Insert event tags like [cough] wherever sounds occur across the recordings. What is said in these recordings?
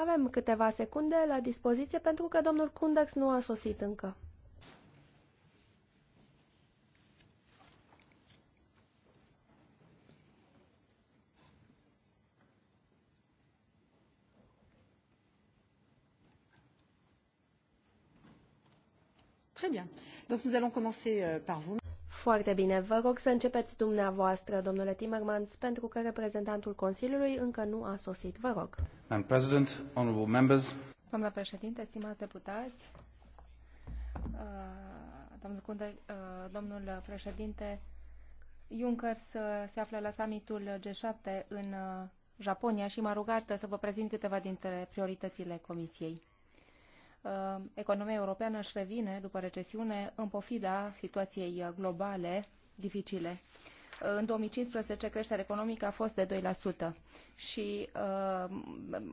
Avem câteva secunde la dispoziție pentru că domnul Kundax nu a sosit încă. Très bien. Donc nous allons commencer euh, par vous. Foarte bine, vă rog să începeți dumneavoastră, domnule Timmermans, pentru că reprezentantul Consiliului încă nu a sosit. Vă rog. Domnule honorable members. Doamna președinte, stimați deputați, uh, uh, domnul președinte, Juncker se află la summitul G7 în uh, Japonia și m-a rugat să vă prezint câteva dintre prioritățile Comisiei. Uh, economia europeană își revine după recesiune în pofida situației uh, globale dificile. Uh, în 2015 creșterea economică a fost de 2% și uh,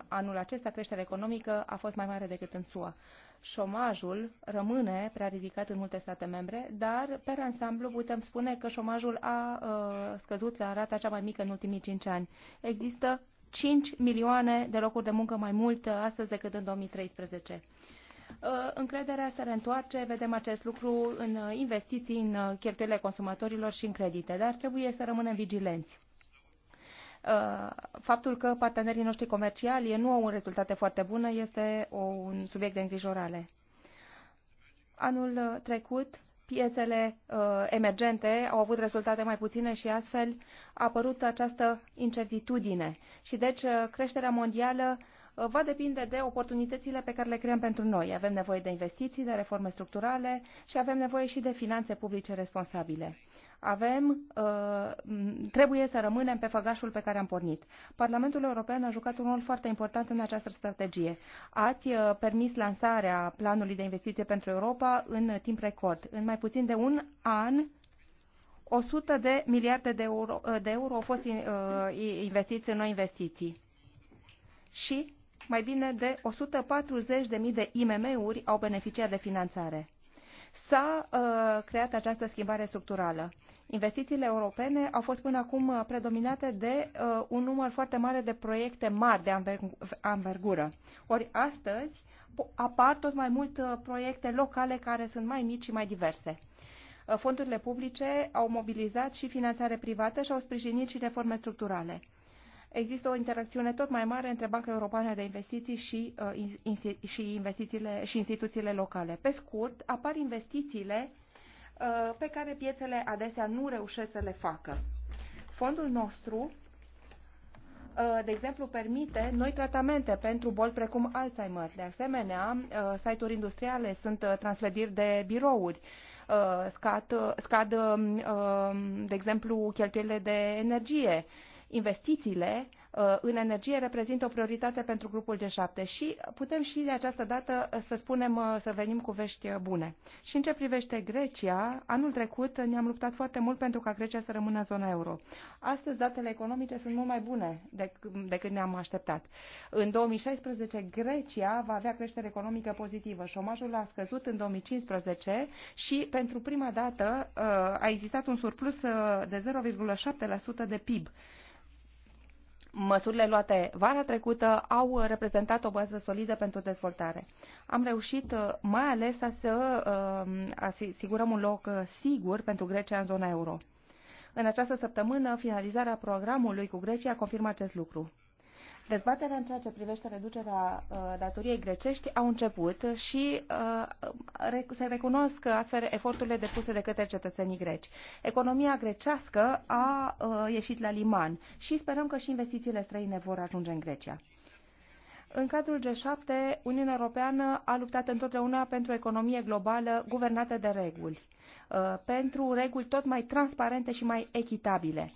anul acesta creșterea economică a fost mai mare decât în SUA. Șomajul rămâne prea ridicat în multe state membre, dar pe ansamblu putem spune că șomajul a uh, scăzut la rata cea mai mică în ultimii 5 ani. Există 5 milioane de locuri de muncă mai mult astăzi decât în 2013. Uh, încrederea se reîntoarce, vedem acest lucru în uh, investiții, în uh, cheltuielile consumatorilor și în credite, dar trebuie să rămânem vigilenți faptul că partenerii noștri comerciali nu au un rezultate foarte bună este un subiect de îngrijorare. Anul trecut, piețele emergente au avut rezultate mai puține și astfel a apărut această incertitudine. Și deci creșterea mondială Uh, va depinde de oportunitățile pe care le creăm pentru noi. Avem nevoie de investiții, de reforme structurale și avem nevoie și de finanțe publice responsabile avem, uh, trebuie să rămânem pe făgașul pe care am pornit. Parlamentul European a jucat un rol foarte important în această strategie. Ați uh, permis lansarea planului de investiție pentru Europa în timp record. În mai puțin de un an, 100 de miliarde de euro, de euro au fost investiți în noi investiții. Și mai bine de 140.000 de IMM-uri au beneficiat de finanțare. S-a uh, creat această schimbare structurală. Investițiile europene au fost până acum uh, predominate de uh, un număr foarte mare de proiecte mari de anvergură. Ori astăzi apar tot mai mult uh, proiecte locale care sunt mai mici și mai diverse. Uh, fondurile publice au mobilizat și finanțare privată și au sprijinit și reforme structurale există o interacțiune tot mai mare între Banca Europeană de Investiții și, uh, și, investițiile, și instituțiile locale. Pe scurt, apar investițiile uh, pe care piețele adesea nu reușesc să le facă. Fondul nostru, uh, de exemplu, permite noi tratamente pentru boli precum Alzheimer. De asemenea, uh, site-uri industriale sunt uh, transferiri de birouri uh, scad, scad um, uh, de exemplu, cheltuielile de energie investițiile uh, în energie reprezintă o prioritate pentru grupul G7 și putem și de această dată uh, să spunem uh, să venim cu vești bune. Și în ce privește Grecia, anul trecut ne-am luptat foarte mult pentru ca Grecia să rămână în zona euro. Astăzi datele economice sunt mult mai bune decât ne-am așteptat. În 2016 Grecia va avea creștere economică pozitivă. Șomajul a scăzut în 2015 și pentru prima dată a existat un surplus de 0,7% de PIB măsurile luate vara trecută au reprezentat o bază solidă pentru dezvoltare. Am reușit uh, mai ales să uh, um, asigurăm un loc uh, sigur pentru Grecia în zona euro. În această săptămână, finalizarea programului cu Grecia confirmă acest lucru. Dezbaterea în ceea ce privește reducerea uh, datoriei grecești au început și uh, se recunosc astfel eforturile depuse de către cetățenii greci. Economia grecească a uh, ieșit la liman și sperăm că și investițiile străine vor ajunge în Grecia. În cadrul G7, Uniunea Europeană a luptat întotdeauna pentru o economie globală guvernată de reguli, pentru reguli tot mai transparente și mai echitabile.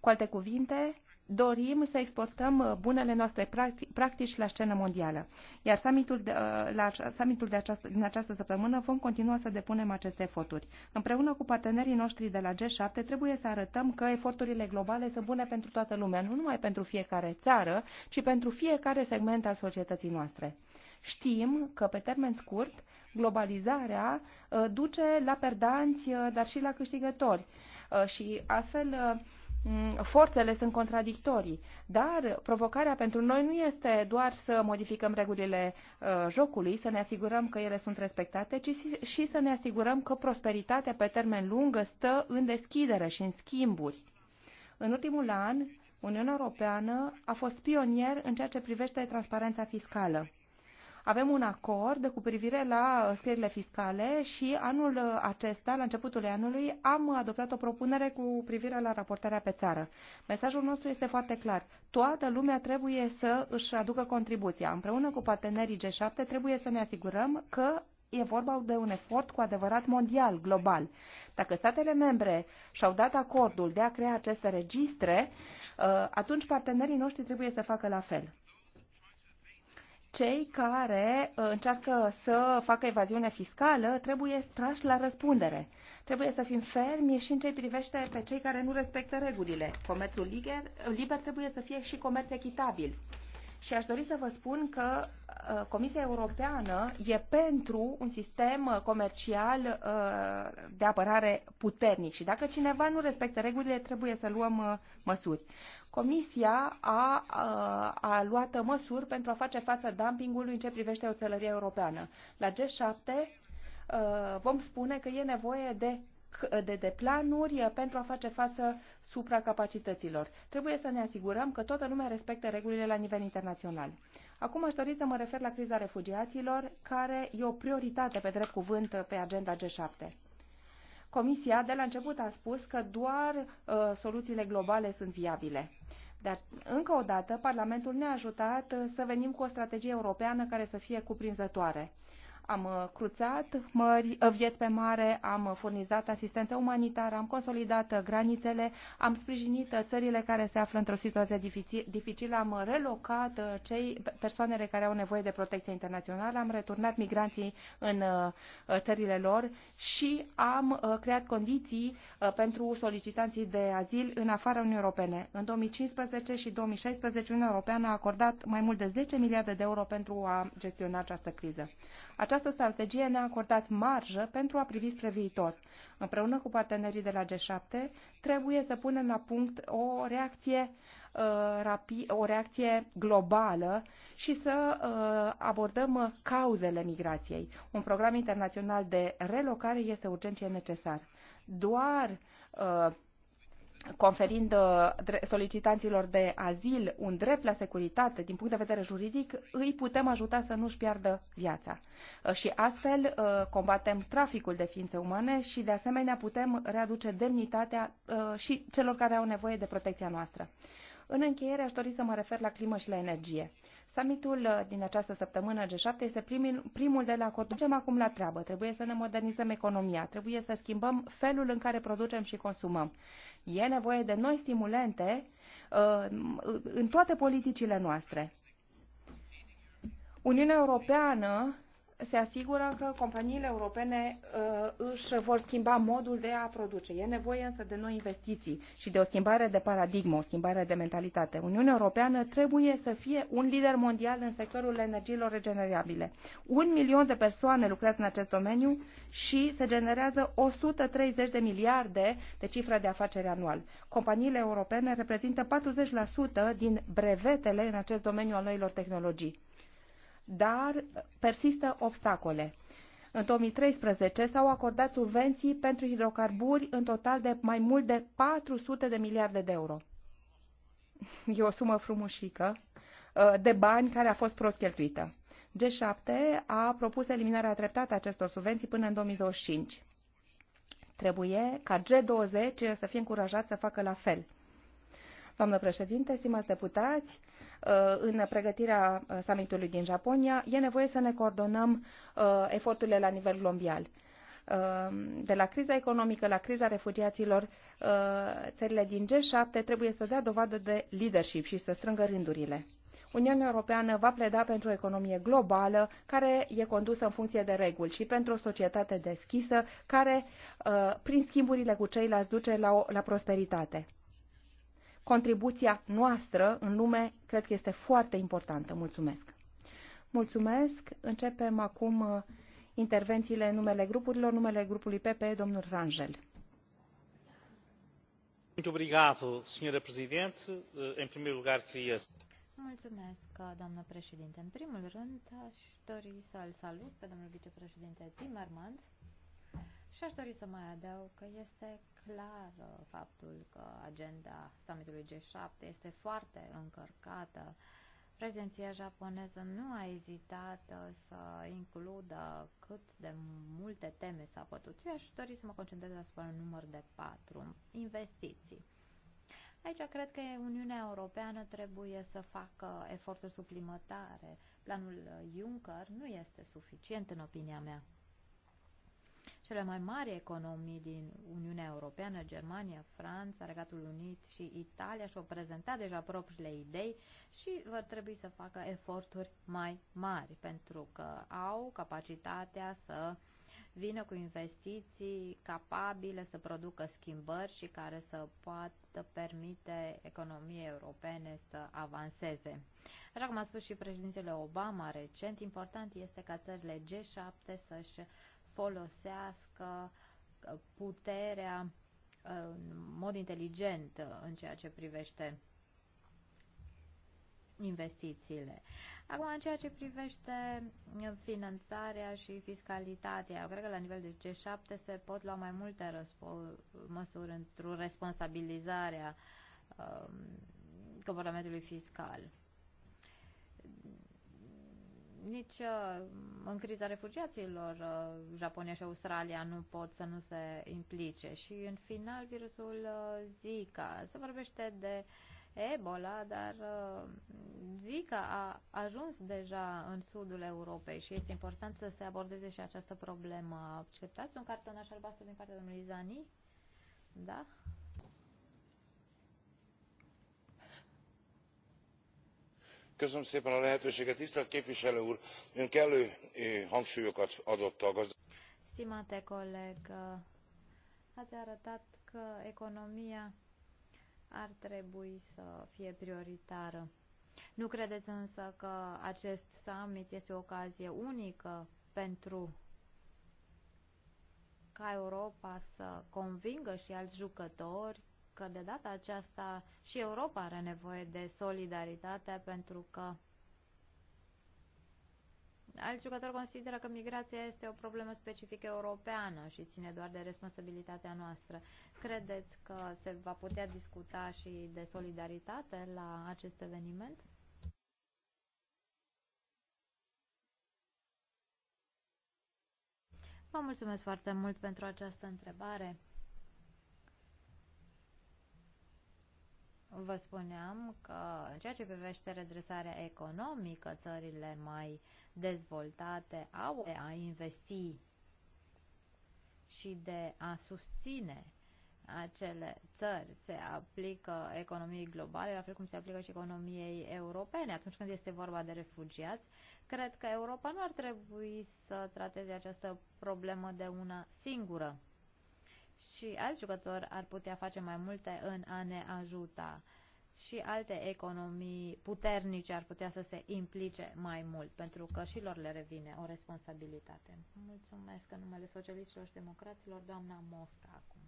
Cu alte cuvinte, dorim să exportăm uh, bunele noastre practici la scenă mondială. Iar summitul de, uh, la summitul de această, din această săptămână vom continua să depunem aceste eforturi. Împreună cu partenerii noștri de la G7 trebuie să arătăm că eforturile globale sunt bune pentru toată lumea, nu numai pentru fiecare țară, ci pentru fiecare segment al societății noastre. Știm că pe termen scurt globalizarea uh, duce la perdanți, dar și la câștigători. Și astfel Mm, forțele sunt contradictorii, dar provocarea pentru noi nu este doar să modificăm regulile uh, jocului, să ne asigurăm că ele sunt respectate, ci și să ne asigurăm că prosperitatea pe termen lung stă în deschidere și în schimburi. În ultimul an, Uniunea Europeană a fost pionier în ceea ce privește transparența fiscală. Avem un acord cu privire la uh, scrierile fiscale și anul uh, acesta, la începutul anului, am adoptat o propunere cu privire la raportarea pe țară. Mesajul nostru este foarte clar. Toată lumea trebuie să își aducă contribuția. Împreună cu partenerii G7 trebuie să ne asigurăm că e vorba de un efort cu adevărat mondial, global. Dacă statele membre și-au dat acordul de a crea aceste registre, uh, atunci partenerii noștri trebuie să facă la fel cei care uh, încearcă să facă evaziune fiscală trebuie trași la răspundere. Trebuie să fim fermi și în ce privește pe cei care nu respectă regulile. Comerțul liber, liber trebuie să fie și comerț echitabil. Și aș dori să vă spun că uh, Comisia Europeană e pentru un sistem comercial uh, de apărare puternic și dacă cineva nu respectă regulile, trebuie să luăm măsuri. Comisia a, a, a luat măsuri pentru a face față dumpingului în ce privește oțelăria europeană. La G7 uh, vom spune că e nevoie de de, de planuri pentru a face față supracapacităților. Trebuie să ne asigurăm că toată lumea respectă regulile la nivel internațional. Acum aș dori să mă refer la criza refugiaților, care e o prioritate pe drept cuvânt pe agenda G7. Comisia de la început a spus că doar uh, soluțiile globale sunt viabile. Dar, încă o dată, Parlamentul ne-a ajutat uh, să venim cu o strategie europeană care să fie cuprinzătoare. Am uh, cruțat mări, uh, vieți pe mare, am uh, furnizat asistență umanitară, am consolidat granițele, am sprijinit țările care se află într-o situație dificilă, am relocat cei persoanele care au nevoie de protecție internațională, am returnat migranții în țările lor și am creat condiții pentru solicitanții de azil în afara Uniunii Europene. În 2015 și 2016 Uniunea Europeană a acordat mai mult de 10 miliarde de euro pentru a gestiona această criză. Această strategie ne-a acordat marjă pentru a privi spre viitor. Împreună cu partenerii de la G7, trebuie să punem la punct o reacție, uh, rapi, o reacție globală și să uh, abordăm cauzele migrației. Un program internațional de relocare este urgent și e necesar. Doar uh, conferind uh, solicitanților de azil un drept la securitate din punct de vedere juridic, îi putem ajuta să nu-și piardă viața. Uh, și astfel uh, combatem traficul de ființe umane și de asemenea putem readuce demnitatea și celor care au nevoie de protecția noastră. În încheiere aș dori să mă refer la climă și la energie. Summitul uh, din această săptămână G7 este primul, primul de la Cotonou. acum la treabă. Trebuie să ne modernizăm economia, trebuie să schimbăm felul în care producem și consumăm. E nevoie de noi stimulente uh, în toate politicile noastre. Uniunea Europeană se asigură că companiile europene uh, își vor schimba modul de a produce. E nevoie însă de noi investiții și de o schimbare de paradigmă, o schimbare de mentalitate. Uniunea Europeană trebuie să fie un lider mondial în sectorul energiilor regenerabile. Un milion de persoane lucrează în acest domeniu și se generează 130 de miliarde de cifre de afaceri anual. Companiile europene reprezintă 40% din brevetele în acest domeniu al noilor tehnologii dar persistă obstacole. În 2013 s-au acordat subvenții pentru hidrocarburi în total de mai mult de 400 de miliarde de euro. E o sumă frumușică uh, de bani care a fost prost cheltuită. G7 a propus eliminarea treptată a acestor subvenții până în 2025. Trebuie ca G20 să fie încurajat să facă la fel. Doamnă președinte, stimați deputați, Uh, în pregătirea uh, summitului din Japonia, e nevoie să ne coordonăm uh, eforturile la nivel global. de la criza economică la criza refugiaților, țările din G7 trebuie să dea dovadă de leadership și să strângă rândurile. Uniunea Europeană va pleda pentru o economie globală care e condusă în funcție de reguli și pentru o societate deschisă care, prin schimburile cu ceilalți, duce la, o, la prosperitate contribuția noastră în lume cred că este foarte importantă. Mulțumesc! Mulțumesc! Începem acum uh, intervențiile în numele grupurilor, numele grupului PP, domnul Rangel. Uh, Mulțumesc, uh, doamnă președinte. În primul rând, aș dori să-l salut pe domnul vicepreședinte Timmermans și aș dori să mai adaug că este clar uh, faptul că agenda summitului G7 este foarte încărcată. Președinția japoneză nu a ezitat uh, să includă cât de multe teme s-a putut. Eu aș dori să mă concentrez asupra un număr de patru. Investiții. Aici cred că Uniunea Europeană trebuie să facă eforturi suplimentare. Planul uh, Juncker nu este suficient, în opinia mea. Cele mai mari economii din Uniunea Europeană, Germania, Franța, Regatul Unit și Italia și-au prezentat deja propriile idei și vor trebui să facă eforturi mai mari pentru că au capacitatea să vină cu investiții capabile să producă schimbări și care să poată permite economiei europene să avanseze. Așa cum a spus și președintele Obama recent, important este ca țările G7 să-și folosească uh, puterea uh, în mod inteligent uh, în ceea ce privește investițiile. Acum, în ceea ce privește finanțarea și fiscalitatea, eu cred că la nivel de G7 se pot lua mai multe măsuri într-o responsabilizare a um, comportamentului fiscal nici uh, în criza refugiaților uh, Japonia și Australia nu pot să nu se implice. Și în final virusul uh, Zika. Se vorbește de Ebola, dar Zika a ajuns deja în sudul Europei și este important să se abordeze și această problemă. Acceptați un cartonaș albastru din partea domnului Zani? Da? köszönöm szépen a lehetőséget. tisztelt képviselő úr ön kellő eh, hangsúlyokat adott a Stimate coleg, ați arătat că economia ar trebui să fie prioritară. Nu credeți însă că acest summit este o ocazie unică pentru ca Europa să convingă și alți jucători că de data aceasta și Europa are nevoie de solidaritate pentru că Alți jucători consideră că migrația este o problemă specifică europeană și ține doar de responsabilitatea noastră. Credeți că se va putea discuta și de solidaritate la acest eveniment? Vă mulțumesc foarte mult pentru această întrebare. vă spuneam că în ceea ce privește redresarea economică, țările mai dezvoltate au de a investi și de a susține acele țări. Se aplică economiei globale, la fel cum se aplică și economiei europene. Atunci când este vorba de refugiați, cred că Europa nu ar trebui să trateze această problemă de una singură și alți jucători ar putea face mai multe în a ne ajuta și alte economii puternice ar putea să se implice mai mult, pentru că și lor le revine o responsabilitate. Mulțumesc în numele socialiștilor și democraților, doamna Mosca acum.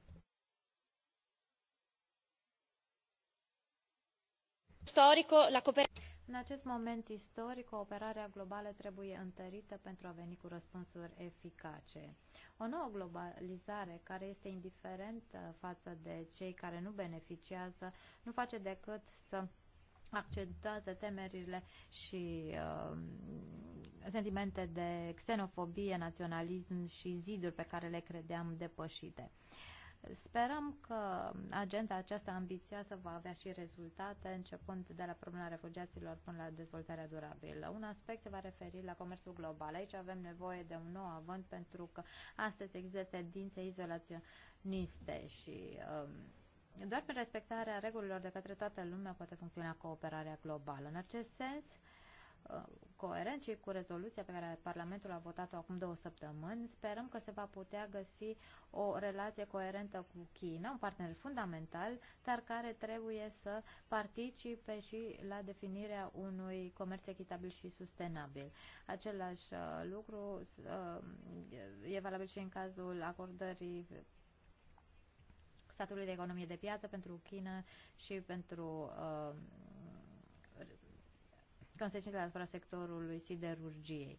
Storico, la cooperativa în acest moment istoric, cooperarea globală trebuie întărită pentru a veni cu răspunsuri eficace. O nouă globalizare care este indiferentă față de cei care nu beneficiază nu face decât să accentuează temerile și uh, sentimente de xenofobie, naționalism și ziduri pe care le credeam depășite. Uh, Sperăm că agenda aceasta ambițioasă va avea și rezultate, începând de la problema refugiaților până la dezvoltarea durabilă. Un aspect se va referi la comerțul global. Aici avem nevoie de un nou avânt pentru că astăzi există tendințe izolaționiste și um, doar prin respectarea regulilor de către toată lumea poate funcționa cooperarea globală. În acest sens, uh, Uh, coerent și cu rezoluția pe care Parlamentul a votat-o acum două săptămâni, sperăm că se va putea găsi o relație coerentă cu China, un partener fundamental, dar care trebuie să participe și la definirea unui comerț echitabil și sustenabil. Același uh, lucru uh, e valabil și în cazul acordării statului de economie de piață pentru China și pentru uh, consecințele asupra sectorului siderurgiei.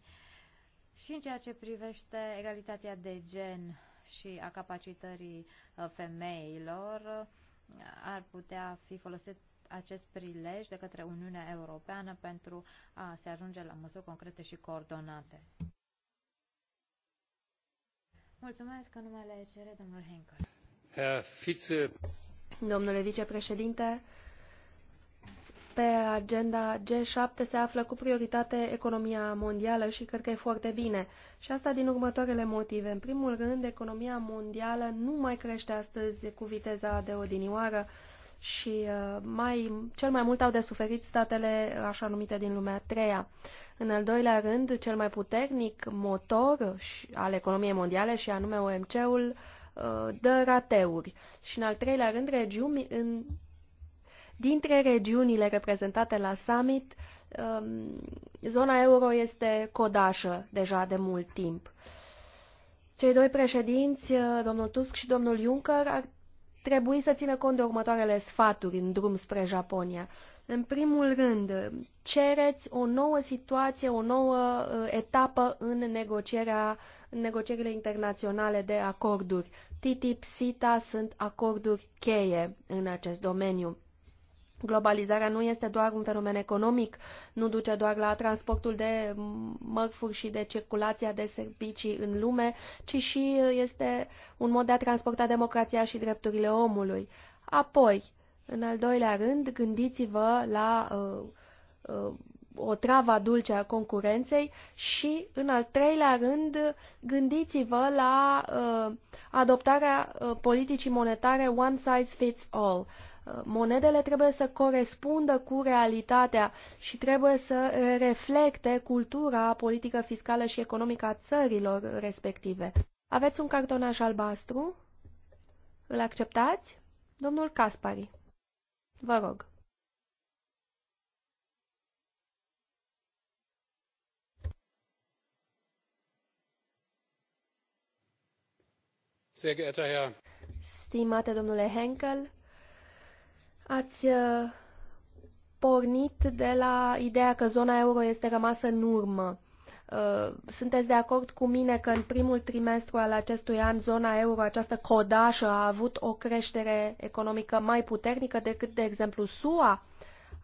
Și în ceea ce privește egalitatea de gen și a capacitării uh, femeilor, uh, ar putea fi folosit acest prilej de către Uniunea Europeană pentru a se ajunge la măsuri concrete și coordonate. Mulțumesc că numele cere domnul Henkel. Uh, Domnule vicepreședinte, pe agenda G7 se află cu prioritate economia mondială și cred că e foarte bine. Și asta din următoarele motive. În primul rând, economia mondială nu mai crește astăzi cu viteza de odinioară și uh, mai, cel mai mult au de suferit statele uh, așa numite din lumea treia. În al doilea rând, cel mai puternic motor al economiei mondiale și anume OMC-ul uh, dă rateuri. Și în al treilea rând, regiuni, în Dintre regiunile reprezentate la summit, um, zona euro este codașă deja de mult timp. Cei doi președinți, uh, domnul Tusk și domnul Juncker, ar trebui să țină cont de următoarele sfaturi în drum spre Japonia. În primul rând, cereți o nouă situație, o nouă uh, etapă în, negocierea, în negocierile internaționale de acorduri. TTIP, SITA sunt acorduri cheie în acest domeniu. Globalizarea nu este doar un fenomen economic, nu duce doar la transportul de mărfuri și de circulația de servicii în lume, ci și este un mod de a transporta democrația și drepturile omului. Apoi, în al doilea rând, gândiți-vă la uh, uh, o travă dulce a concurenței și, în al treilea rând, gândiți-vă la uh, adoptarea uh, politicii monetare one size fits all. Uh, Monedele trebuie să corespundă cu realitatea și trebuie să reflecte cultura politică, fiscală și economică a țărilor respective. Aveți un cartonaș albastru? Îl acceptați? Domnul Caspari. Vă rog. Herr. Stimate domnule Henkel, Ați uh, pornit de la ideea că zona euro este rămasă în urmă. Uh, sunteți de acord cu mine că în primul trimestru al acestui an zona euro, această codașă, a avut o creștere economică mai puternică decât, de exemplu, SUA?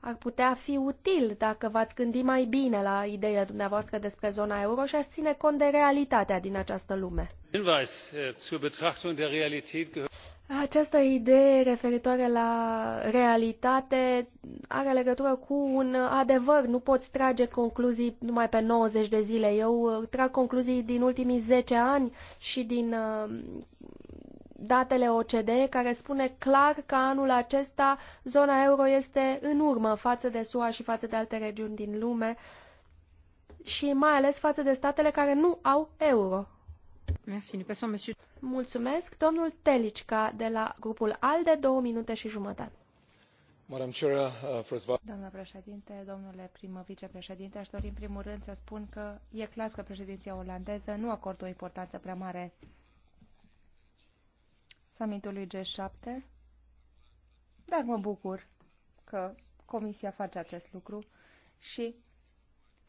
Ar putea fi util dacă v-ați gândi mai bine la ideile dumneavoastră despre zona euro și ați ține cont de realitatea din această lume. Äh, această idee referitoare la realitate are legătură cu un adevăr. Nu poți trage concluzii numai pe 90 de zile. Eu trag concluzii din ultimii 10 ani și din uh, datele OCDE, care spune clar că anul acesta zona euro este în urmă față de SUA și față de alte regiuni din lume și mai ales față de statele care nu au euro. Mulțumesc, domnul Telicca de la grupul ALDE, două minute și jumătate. Uh, Doamnă președinte, domnule prim vicepreședinte, aș dori în primul rând să spun că e clar că președinția olandeză nu acordă o importanță prea mare summitului G7, dar mă bucur că Comisia face acest lucru și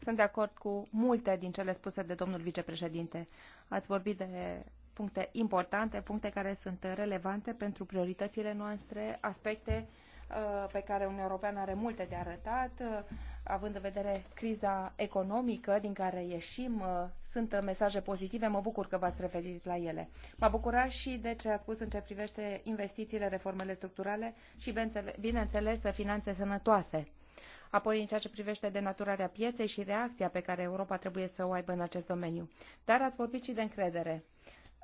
sunt de acord cu multe din cele spuse de domnul vicepreședinte. Ați vorbit de puncte importante, puncte care sunt relevante pentru prioritățile noastre, aspecte uh, pe care Uniunea Europeană are multe de arătat, uh, având în vedere criza economică din care ieșim, uh, sunt mesaje pozitive, mă bucur că v-ați referit la ele. M-a bucurat și de ce ați spus în ce privește investițiile, reformele structurale și, bineînțeles, finanțe sănătoase apoi în ceea ce privește denaturarea pieței și reacția pe care Europa trebuie să o aibă în acest domeniu. Dar ați vorbit și de încredere.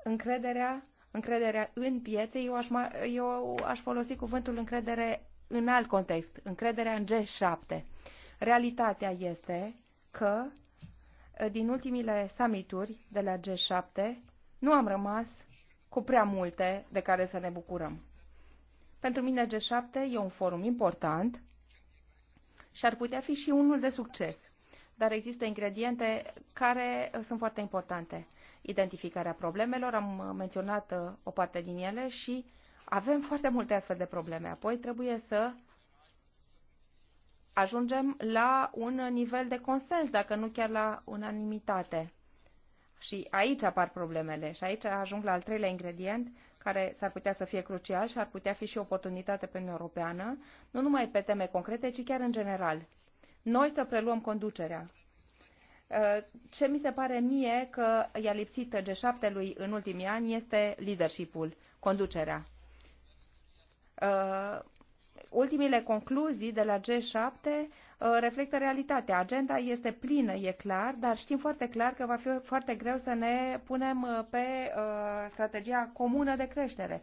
Încrederea, încrederea în piețe, eu aș, eu aș folosi cuvântul încredere în alt context, încrederea în G7. Realitatea este că eh, din ultimile summituri de la G7 nu am rămas cu prea multe de care să ne bucurăm. Pentru mine G7 e un forum important și ar putea fi și unul de succes. Dar există ingrediente care uh, sunt foarte importante. Identificarea problemelor, am uh, menționat uh, o parte din ele și avem foarte multe astfel de probleme. Apoi trebuie să ajungem la un nivel de consens, dacă nu chiar la unanimitate. Și aici apar problemele și aici ajung la al treilea ingredient, care s-ar putea să fie crucial și ar putea fi și oportunitate pentru Europeană, nu numai pe teme concrete, ci chiar în general. Noi să preluăm conducerea. Uh, ce mi se pare mie că i-a lipsit G7-lui în ultimii ani este leadership-ul, conducerea. Uh, ultimile concluzii de la G7 Uh, reflectă realitatea. Agenda este plină, e clar, dar știm foarte clar că va fi foarte greu să ne punem uh, pe uh, strategia comună de creștere.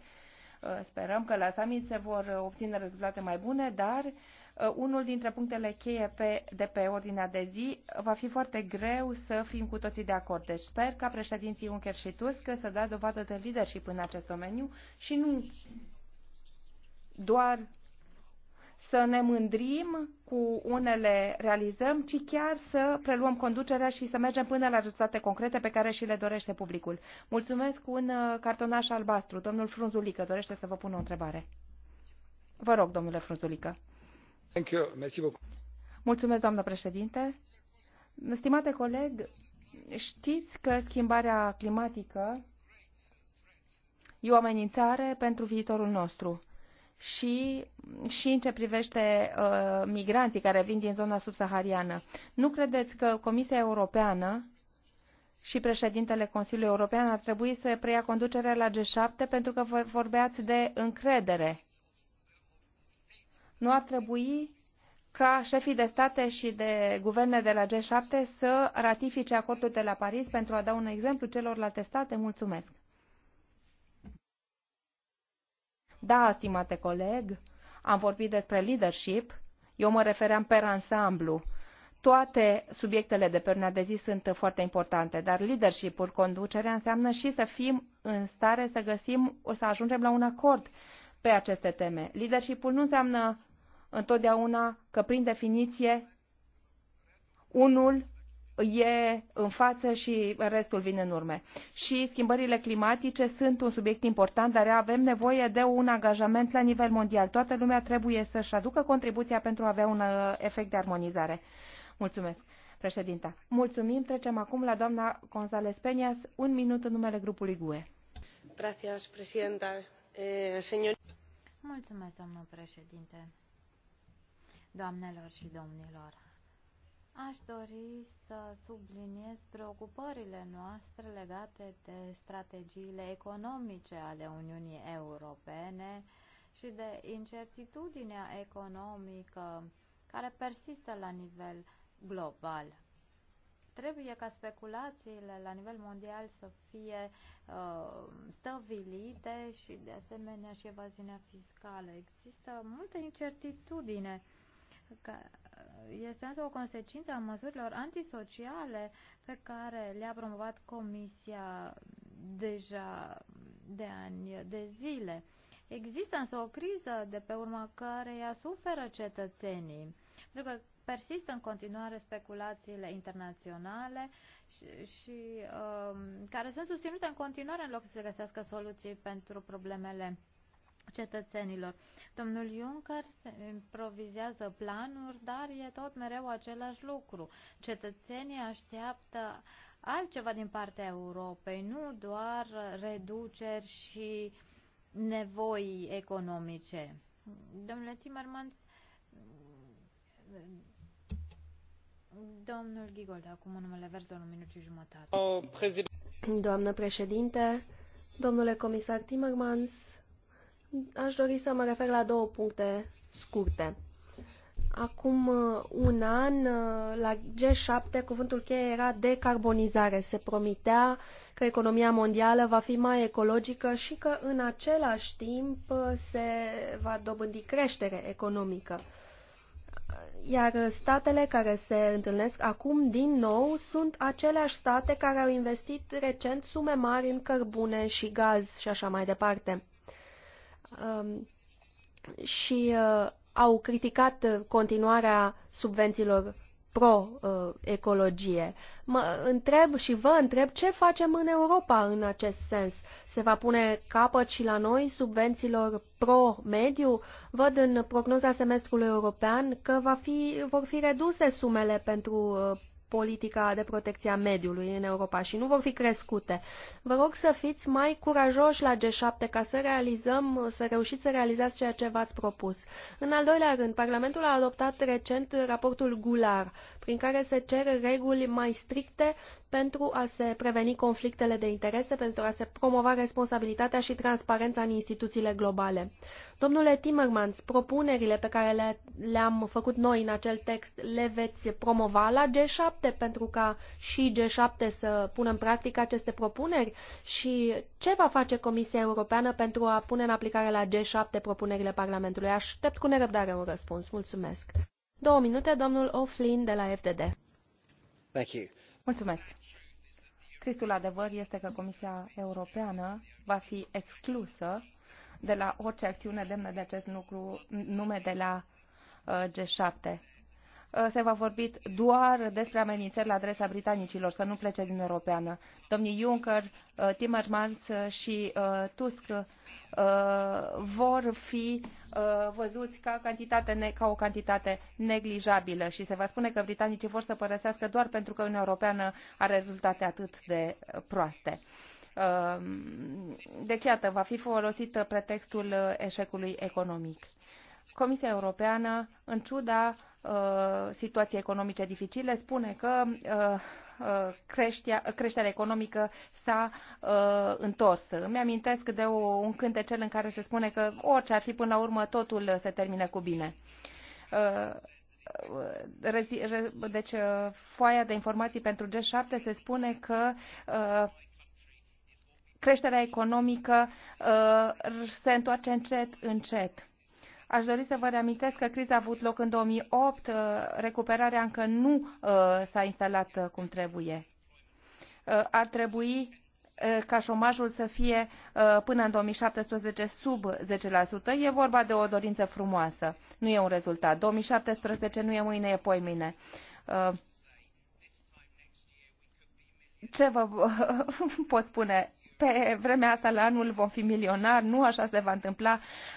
Sperăm că la summit se vor obține rezultate mai bune, dar unul dintre punctele cheie pe, de pe ordinea de zi va fi foarte greu să fim cu toții de acord. Deci sper ca președinții Juncker și Tusk să dea dovadă de leadership în acest domeniu și nu doar să ne mândrim cu unele realizăm, ci chiar să preluăm conducerea și să mergem până la rezultate concrete pe care și le dorește publicul. Mulțumesc cu un uh, cartonaș albastru. Domnul Frunzulică dorește să vă pună o întrebare. Vă rog, domnule Frunzulică. Thank you. Merci Mulțumesc, doamnă președinte. Stimate coleg, știți că schimbarea climatică e o amenințare pentru viitorul nostru și, și în ce privește uh, migranții care vin din zona subsahariană. Nu credeți că Comisia Europeană și președintele Consiliului European ar trebui să preia conducerea la G7 pentru că vorbeați de încredere? Nu ar trebui ca șefii de state și de guverne de la G7 să ratifice acordul de la Paris pentru a da un exemplu celorlalte state? Mulțumesc! Da, stimate coleg, am vorbit despre leadership, eu mă refeream pe ansamblu. Toate subiectele de pe urmea de zi sunt foarte importante, dar leadership-ul, conducerea, înseamnă și să fim în stare să găsim, o să ajungem la un acord pe aceste teme. Leadership-ul nu înseamnă întotdeauna că, prin definiție, unul e în față și restul vine în urme. Și schimbările climatice sunt un subiect important, dar avem nevoie de un angajament la nivel mondial. Toată lumea trebuie să-și aducă contribuția pentru a avea un uh, efect de armonizare. Mulțumesc, președinta. Mulțumim. Trecem acum la doamna González Peñas. Un minut în numele grupului GUE. Gracias, presidenta. Eh, señor... Mulțumesc, doamnă președinte. Doamnelor și domnilor, Aș dori să subliniez preocupările noastre legate de strategiile economice ale Uniunii Europene și de incertitudinea economică care persistă la nivel global. Trebuie ca speculațiile la nivel mondial să fie uh, stăvilite și de asemenea și evaziunea fiscală. Există multă incertitudine uh, este însă o consecință a măsurilor antisociale pe care le-a promovat Comisia deja de ani de zile. Există însă o criză de pe urma căreia suferă cetățenii, pentru că persistă în continuare speculațiile internaționale și, și uh, care sunt susținute în continuare în loc să se găsească soluții pentru problemele cetățenilor. Domnul Juncker improvizează planuri, dar e tot mereu același lucru. Cetățenii așteaptă altceva din partea Europei, nu doar reduceri și nevoi economice. Domnule Timmermans, domnul Gigold, acum numele vers de un minut și jumătate. Doamnă președinte, domnule comisar Timmermans, Aș dori să mă refer la două puncte scurte. Acum uh, un an, uh, la G7, cuvântul cheie era decarbonizare. Se promitea că economia mondială va fi mai ecologică și că în același timp uh, se va dobândi creștere economică. Iar statele care se întâlnesc acum din nou sunt aceleași state care au investit recent sume mari în cărbune și gaz și așa mai departe. Um, și uh, au criticat uh, continuarea subvențiilor pro-ecologie. Uh, mă întreb și vă întreb ce facem în Europa în acest sens. Se va pune capăt și la noi subvențiilor pro-mediu? Văd în prognoza semestrului european că va fi, vor fi reduse sumele pentru politica de protecție a mediului în Europa și nu vor fi crescute. Vă rog să fiți mai curajoși la G7 ca să realizăm, să reușiți să realizați ceea ce v-ați propus. În al doilea rând, Parlamentul a adoptat recent raportul Gular, prin care se cer reguli mai stricte pentru a se preveni conflictele de interese, pentru a se promova responsabilitatea și transparența în instituțiile globale. Domnule Timmermans, propunerile pe care le, le-am făcut noi în acel text le veți promova la G7 pentru ca și G7 să pună în practică aceste propuneri și ce va face Comisia Europeană pentru a pune în aplicare la G7 propunerile Parlamentului? Aștept cu nerăbdare un răspuns. Mulțumesc! Două minute, domnul O'Flynn de la FDD. Thank you. Mulțumesc. Cristul adevăr este că Comisia Europeană va fi exclusă de la orice acțiune demnă de acest lucru, nume de la uh, G7 Uh, se va vorbi doar despre amenințări la adresa britanicilor să nu plece din Europeană. Domnii Juncker, uh, Timmermans și uh, Tusk vor fi văzuți ca, cantitate, ca o cantitate neglijabilă și se va spune că britanicii vor să părăsească doar pentru că Uniunea Europeană are rezultate atât de proaste. Deci, iată, va fi folosit pretextul eșecului economic. Comisia Europeană, în ciuda uh, situației economice dificile, spune că uh, uh, creștea, creșterea economică s-a întors. Îmi amintesc de o, un cântecel în care se spune că orice ar fi până la urmă, totul se termină cu bine deci foaia de informații pentru G7 se spune că creșterea economică se întoarce încet, încet. Aș dori să vă reamintesc că criza a avut loc în 2008, uh, recuperarea încă nu uh, s-a instalat uh, cum trebuie. Ar trebui ca șomajul să fie până în 2017 sub 10%. E vorba de o dorință frumoasă, nu e un rezultat. 2017 nu e mâine, e poimine. Ce vă [laughs] pot spune pe vremea asta la anul vom fi milionari, nu așa se va întâmpla.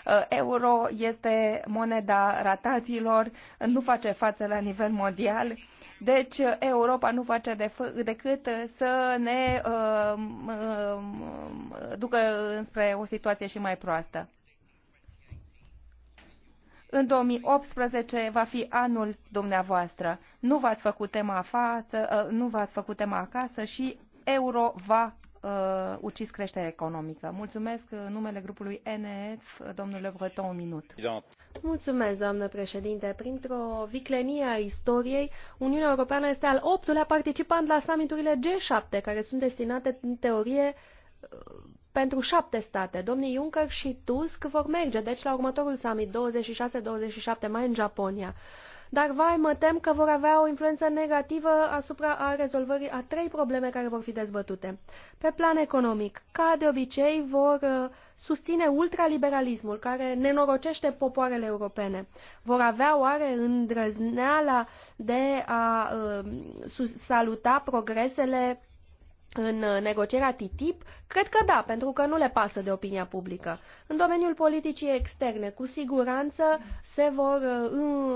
Uh, euro este moneda ratațiilor, nu face față la nivel mondial. Deci uh, Europa nu face decât să ne uh, uh, ducă înspre o situație și mai proastă. În 2018 va fi anul dumneavoastră. Nu v-ați făcut tema față, uh, nu v-ați făcut tema acasă și euro va uh, ucis creșterea economică. Mulțumesc în numele grupului NEF, domnule Breton, un minut. Mulțumesc, doamnă președinte. Printr-o viclenie a istoriei, Uniunea Europeană este al optulea participant la summiturile G7, care sunt destinate în teorie uh, pentru șapte state. Domnii Juncker și Tusk vor merge, deci, la următorul summit 26-27 mai în Japonia dar vai, mă tem că vor avea o influență negativă asupra a rezolvării a trei probleme care vor fi dezbătute. Pe plan economic, ca de obicei, vor uh, susține ultraliberalismul care nenorocește popoarele europene. Vor avea oare îndrăzneala de a uh, saluta progresele în uh, negocierea TTIP? Cred că da, pentru că nu le pasă de opinia publică. În domeniul politicii externe, cu siguranță se vor uh,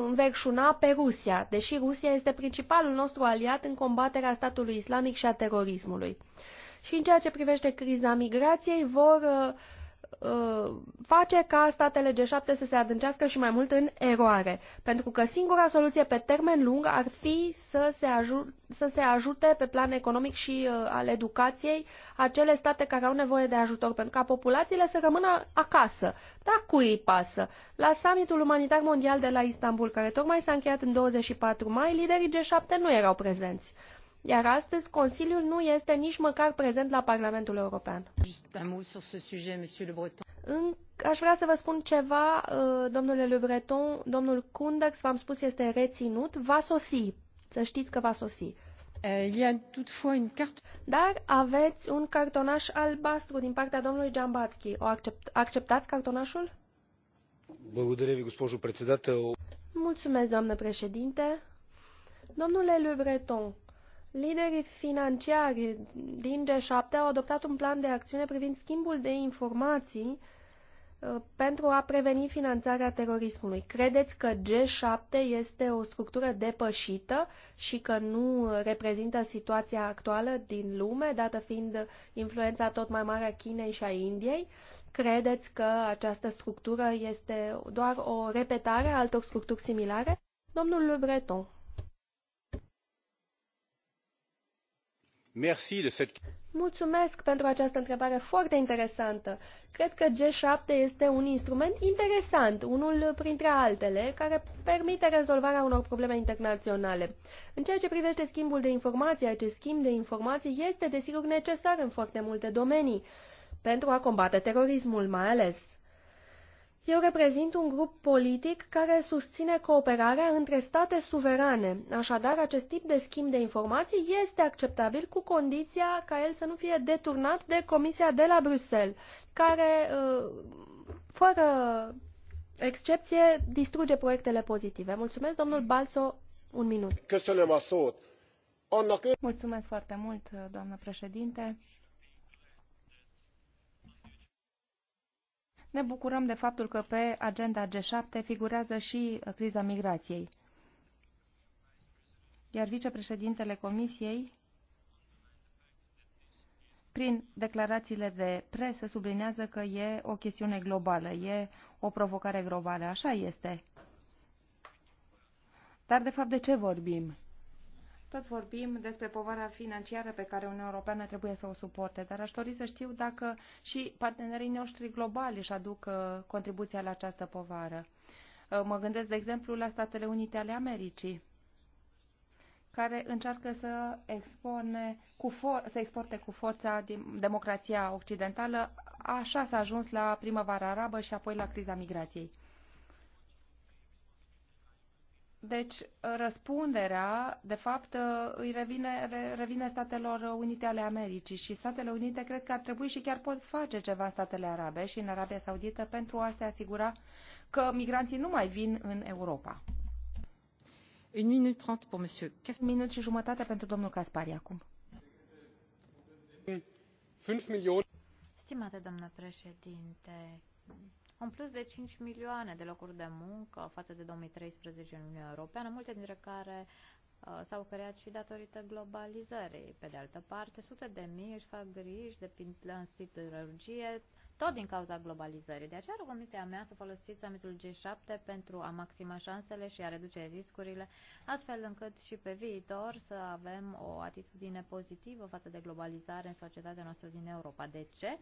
înverșuna pe Rusia, deși Rusia este principalul nostru aliat în combaterea statului islamic și a terorismului. Și în ceea ce privește criza migrației, vor uh, Uh, face ca statele G7 să se adâncească și mai mult în eroare, pentru că singura soluție pe termen lung ar fi să se, aju- să se ajute pe plan economic și uh, al educației acele state care au nevoie de ajutor, pentru ca populațiile să rămână acasă. Dar cui îi pasă? La summitul umanitar mondial de la Istanbul, care tocmai s-a încheiat în 24 mai, liderii G7 nu erau prezenți. Iar astăzi Consiliul nu este nici măcar prezent la Parlamentul European. În, aș vrea să vă spun ceva, uh, domnule Le Breton, domnul Kundax, v-am spus, este reținut, va sosi. Să știți că va sosi. Eh, Dar aveți un cartonaș albastru din partea domnului Giambatski. O accept, acceptați cartonașul? Mulțumesc, doamnă președinte. Domnule Le Breton, Liderii financiari din G7 au adoptat un plan de acțiune privind schimbul de informații uh, pentru a preveni finanțarea terorismului. Credeți că G7 este o structură depășită și că nu reprezintă situația actuală din lume, dată fiind influența tot mai mare a Chinei și a Indiei? Credeți că această structură este doar o repetare a altor structuri similare? Domnul Le Breton. Mulțumesc pentru această întrebare foarte interesantă. Cred că G7 este un instrument interesant, unul printre altele, care permite rezolvarea unor probleme internaționale. În ceea ce privește schimbul de informații, acest schimb de informații este desigur necesar în foarte multe domenii, pentru a combate terorismul mai ales. Eu reprezint un grup politic care susține cooperarea între state suverane, așadar acest tip de schimb de informații este acceptabil cu condiția ca el să nu fie deturnat de Comisia de la Bruxelles, care, uh, fără excepție, distruge proiectele pozitive. Mulțumesc, domnul Balțo, un minut. Mulțumesc foarte mult, doamnă președinte. Ne bucurăm de faptul că pe agenda G7 figurează și criza migrației. Iar vicepreședintele Comisiei, prin declarațiile de presă, sublinează că e o chestiune globală, e o provocare globală. Așa este. Dar, de fapt, de ce vorbim? Tot vorbim despre povara financiară pe care Uniunea Europeană trebuie să o suporte, dar aș dori să știu dacă și partenerii noștri globali își aduc uh, contribuția la această povară. Uh, mă gândesc, de exemplu, la Statele Unite ale Americii, care încearcă să, expone cu for- să exporte cu forța democrația occidentală. Așa s-a ajuns la primăvara arabă și apoi la criza migrației. Deci, răspunderea, de fapt, îi revine, revine Statelor Unite ale Americii și Statele Unite cred că ar trebui și chiar pot face ceva în Statele Arabe și în Arabia Saudită pentru a se asigura că migranții nu mai vin în Europa. Un minut 30 pour monsieur Un minut și jumătate pentru domnul Caspari acum. 5 milioane. Stimate domnule președinte, un plus de 5 milioane de locuri de muncă față de 2013 în Uniunea Europeană, multe dintre care Uh, s-au creat și datorită globalizării. Pe de altă parte, sute de mii își fac griji de în plasticirurgie, tot din cauza globalizării. De aceea rog comisia mea să folosiți summitul G7 pentru a maxima șansele și a reduce riscurile, astfel încât și pe viitor să avem o atitudine pozitivă față de globalizare în societatea noastră din Europa. De ce?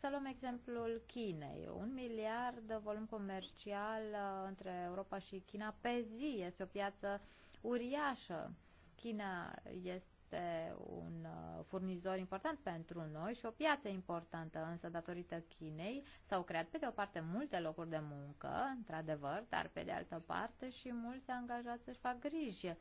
Să luăm exemplul Chinei. Un miliard de volum comercial uh, între Europa și China pe zi este o piață uh, uriașă. China este un uh, furnizor important pentru noi și o piață importantă, însă datorită Chinei s-au creat pe de o parte multe locuri de muncă, într-adevăr, dar pe de altă parte și mulți angajați să-și fac griji.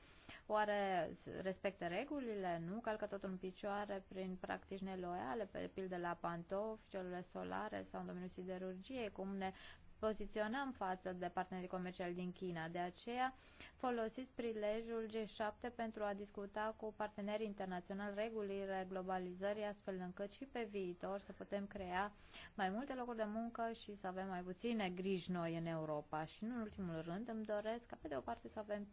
Oare respectă regulile? Nu calcă tot în picioare prin practici neloiale, pe pildă la pantofi, celule solare sau în domeniul siderurgiei, cum ne poziționăm față de partenerii comerciali din China. De aceea folosiți prilejul G7 pentru a discuta cu partenerii internaționali regulile globalizării, astfel încât și pe viitor să putem crea mai multe locuri de muncă și să avem mai puține griji noi în Europa. Și nu în ultimul rând îmi doresc ca pe de o parte să avem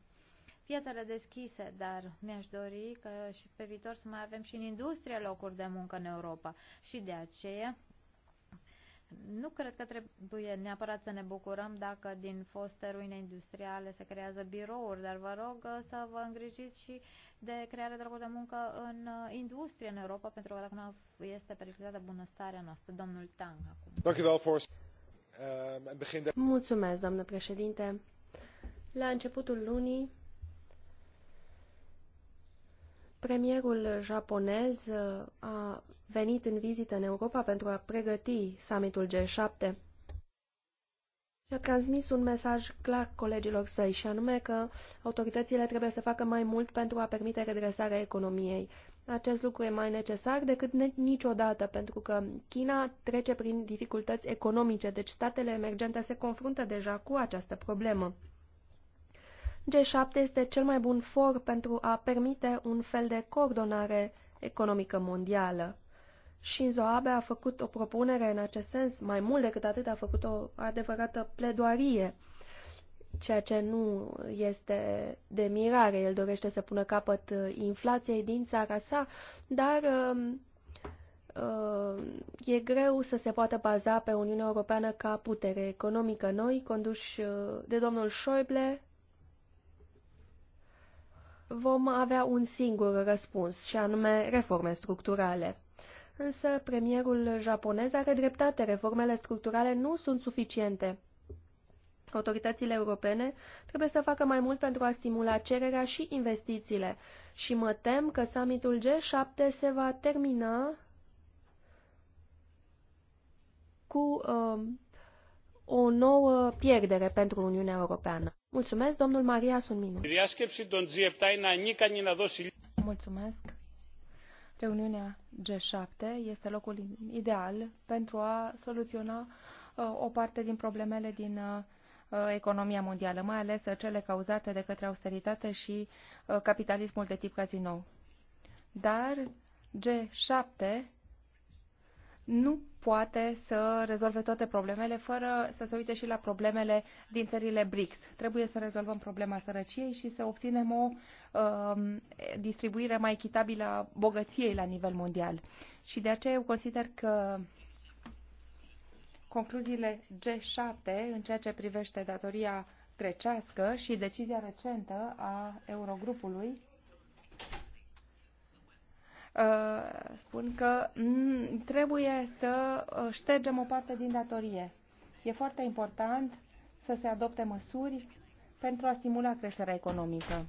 piețele deschise, dar mi-aș dori că și pe viitor să mai avem și în industrie locuri de muncă în Europa. Și de aceea nu cred că trebuie neapărat să ne bucurăm dacă din foste ruine industriale se creează birouri, dar vă rog uh, să vă îngrijiți și de crearea de locuri de muncă în uh, industrie în Europa, pentru că dacă nu este periclitată bunăstarea noastră. Domnul Tang acum. Ehm, Mulțumesc, doamnă președinte. La începutul lunii, premierul japonez uh, a venit în vizită în Europa pentru a pregăti summitul G7 și a transmis un mesaj clar colegilor săi, și anume că autoritățile trebuie să facă mai mult pentru a permite redresarea economiei. Acest lucru e mai necesar decât niciodată, pentru că China trece prin dificultăți economice, deci statele emergente se confruntă deja cu această problemă. G7 este cel mai bun for pentru a permite un fel de coordonare economică mondială. Shinzo Abe a făcut o propunere în acest sens, mai mult decât atât a făcut o adevărată pledoarie, ceea ce nu este de mirare. El dorește să pună capăt uh, inflației din țara sa, dar um, uh, e greu să se poată baza pe Uniunea Europeană ca putere economică. Noi, conduși uh, de domnul Schäuble, vom avea un singur răspuns, și anume reforme structurale însă premierul japonez are dreptate, reformele structurale nu sunt suficiente. Autoritățile europene trebuie să facă mai mult pentru a stimula cererea și investițiile și mă tem că summitul G7 se va termina cu uh, o nouă pierdere pentru Uniunea Europeană. Mulțumesc, domnul Maria, Sunminu. Mulțumesc. Reuniunea G7 este locul ideal pentru a soluționa uh, o parte din problemele din uh, economia mondială, mai ales uh, cele cauzate de către austeritate și capitalismul de tip casino. Dar G7 nu poate să rezolve toate problemele fără să se uite și la problemele din țările BRICS. Trebuie să rezolvăm problema sărăciei și să obținem o uh, distribuire mai echitabilă a bogăției la nivel mondial. Și de aceea eu consider că concluziile G7 în ceea ce privește datoria grecească și decizia recentă a Eurogrupului Uh, spun că mm, trebuie să uh, ștergem o parte din datorie. E foarte important să se adopte măsuri pentru a stimula creșterea economică.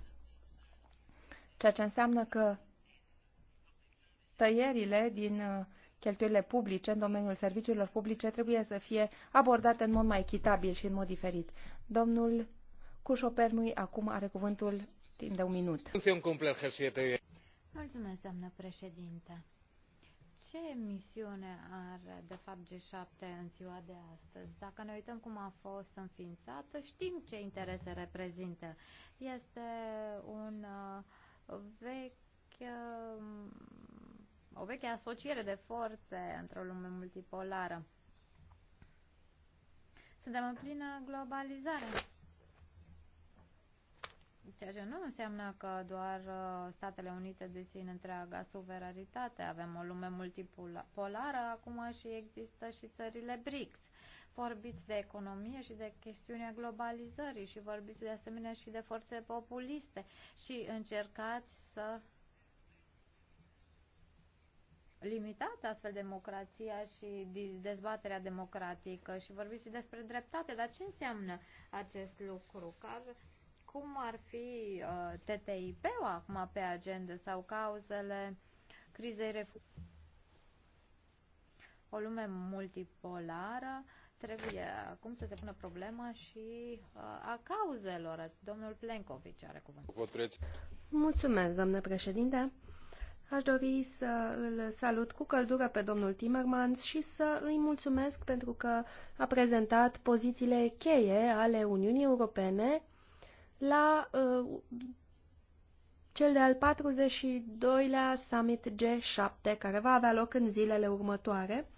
Ceea ce înseamnă că tăierile din uh, cheltuielile publice în domeniul serviciilor publice trebuie să fie abordate în mod mai echitabil și în mod diferit. Domnul Cușopermui acum are cuvântul timp de un minut. Mulțumesc, doamnă președinte. Ce misiune are, de fapt, G7 în ziua de astăzi? Dacă ne uităm cum a fost înființată, știm ce interese reprezintă. Este un veche, uh, vechi, um, o veche asociere de forțe într-o lume multipolară. Suntem în plină globalizare. Ceea ce nu înseamnă că doar uh, Statele Unite dețin întreaga suveranitate. Avem o lume multipolară acum și există și țările BRICS. Vorbiți de economie și de chestiunea globalizării și vorbiți de asemenea și de forțe populiste și încercați să limitați astfel democrația și dezbaterea democratică și vorbiți și despre dreptate. Dar ce înseamnă acest lucru? Care cum ar fi uh, TTIP-ul acum pe agenda sau cauzele crizei refugiaților. O lume multipolară trebuie acum să se pună problema și uh, a cauzelor. Domnul Plenkovici are cuvântul. Mulțumesc, doamnă președinte. Aș dori să îl salut cu căldură pe domnul Timmermans și să îi mulțumesc pentru că a prezentat pozițiile cheie ale Uniunii Europene la uh, cel de-al 42-lea Summit G7, care va avea loc în zilele următoare.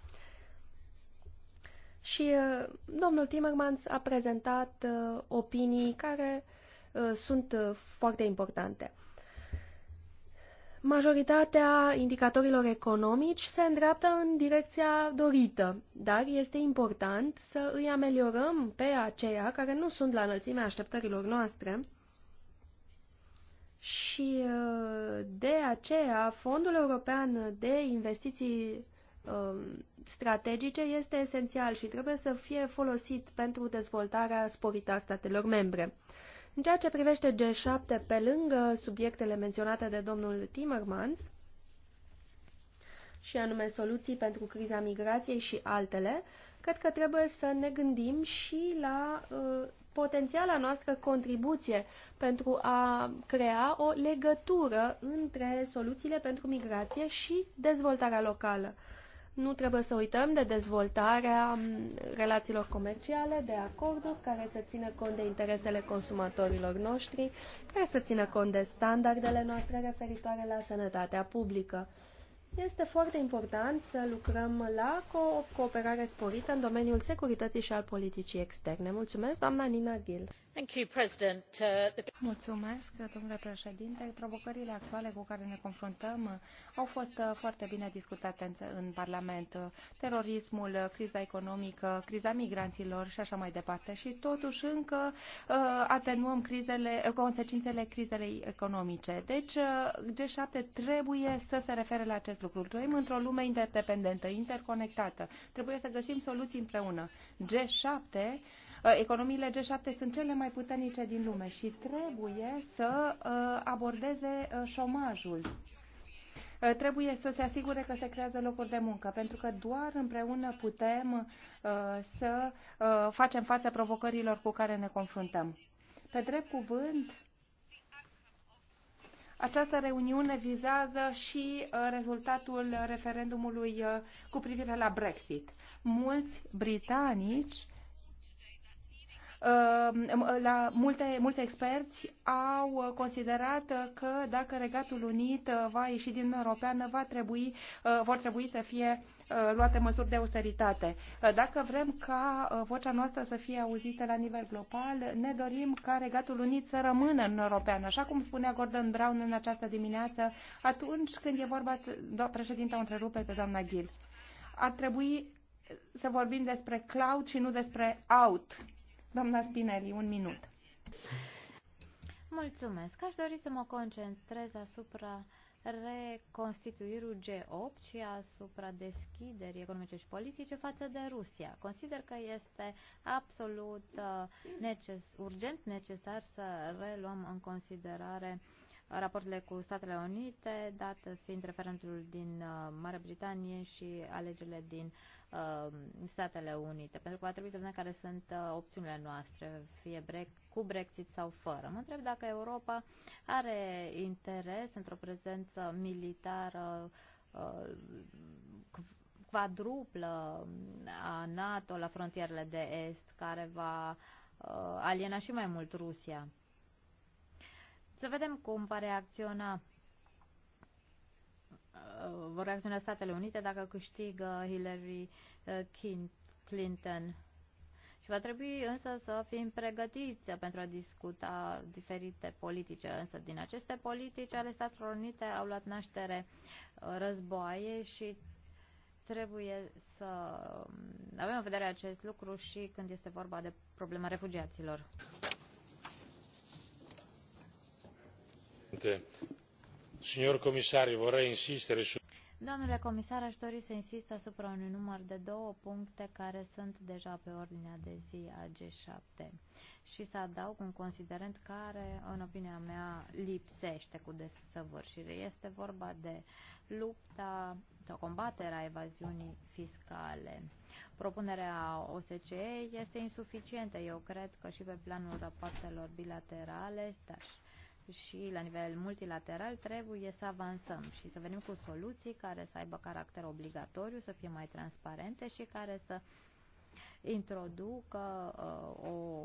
Și uh, domnul Timmermans a prezentat uh, opinii care uh, sunt uh, foarte importante. Majoritatea indicatorilor economici se îndreaptă în direcția dorită, dar este important să îi ameliorăm pe aceia care nu sunt la înălțimea așteptărilor noastre și uh, de aceea Fondul European de Investiții um, strategice este esențial și trebuie să fie folosit pentru dezvoltarea sporită a statelor membre. În ceea ce privește G7, pe lângă subiectele menționate de domnul Timmermans, și anume soluții pentru criza migrației și altele, cred că trebuie să ne gândim și la uh, potențiala noastră contribuție pentru a crea o legătură între soluțiile pentru migrație și dezvoltarea locală. Uh, nu trebuie să uităm de dezvoltarea mm, relațiilor comerciale, de acorduri care să țină cont de interesele consumatorilor noștri, care să țină cont de standardele noastre referitoare la sănătatea publică. Este foarte important să lucrăm la co- cooperare sporită în domeniul securității și al politicii externe. Mulțumesc, doamna Nina Gil. Uh, Mulțumesc, domnule președinte. Provocările actuale cu care ne confruntăm uh, au fost uh, foarte bine discutate în Parlament. Terorismul, criza economică, criza migranților și așa mai departe. Și totuși încă atenuăm crizele, consecințele crizelei economice. Deci G7 trebuie să se refere la acest lucru lucruri. Trăim într-o lume interdependentă, interconectată. Trebuie să găsim soluții împreună. G7, uh, economiile G7 sunt cele mai puternice din lume și trebuie să uh, abordeze uh, șomajul trebuie să se asigure că se creează locuri de muncă, pentru că doar împreună putem să facem față provocărilor cu care ne confruntăm. Pe drept cuvânt, această reuniune vizează și uh, rezultatul referendumului uh, cu privire la Brexit. Mulți britanici Ehm, la multe, mulți experți au considerat că dacă Regatul Unit uh, va ieși din Europeană, va trebui, uh, vor trebui să fie uh, luate măsuri de austeritate. Dacă vrem ca vocea noastră să fie auzită la nivel global, ne dorim ca Regatul Unit să rămână în Europeană, așa cum spunea Gordon Brown în această dimineață, atunci când e vorba, președinta o întrerupe pe doamna Gil. Ar trebui să vorbim despre cloud și nu despre out Doamna Spinelli, un minut. Mulțumesc. Aș dori să mă concentrez asupra reconstituirii G8 și asupra deschiderii economice și politice față de Rusia. Consider că este absolut uh, neces- urgent necesar să reluăm în considerare uh, raporturile cu Statele Unite, dat fiind referentul din uh, Marea Britanie și alegerile din uh, Statele Unite. Pentru că va trebui să vedem care sunt uh, opțiunile noastre, fie break, cu Brexit sau fără. Mă întreb dacă Europa are interes într-o prezență militară uh, quadruplă a NATO la frontierele de est, care va uh, aliena și mai mult Rusia. Să vedem cum va reacționa uh, vor reacționa Statele Unite dacă câștigă Hillary uh, Clinton. Și va trebui însă să fim pregătiți pentru a discuta diferite politice. Însă din aceste politici ale Statelor Unite au luat naștere uh, războaie și trebuie să um, avem în vedere acest lucru și când este vorba de problema refugiaților. președinte signor comisario vorrei insistere su. domnule comisar aș dori să insist asupra unui număr de două puncte care sunt deja pe ordinea de zi a g 7 și să adaug un considerent care în opinia mea lipsește cu desăvârșire. este vorba de lupta sau combaterea evaziunii fiscale. Propunerea OSCE este insuficientă, eu cred că și pe planul rapoartelor bilaterale, dar și și la nivel multilateral trebuie să avansăm și să venim cu soluții care să aibă caracter obligatoriu, să fie mai transparente și care să introducă uh, o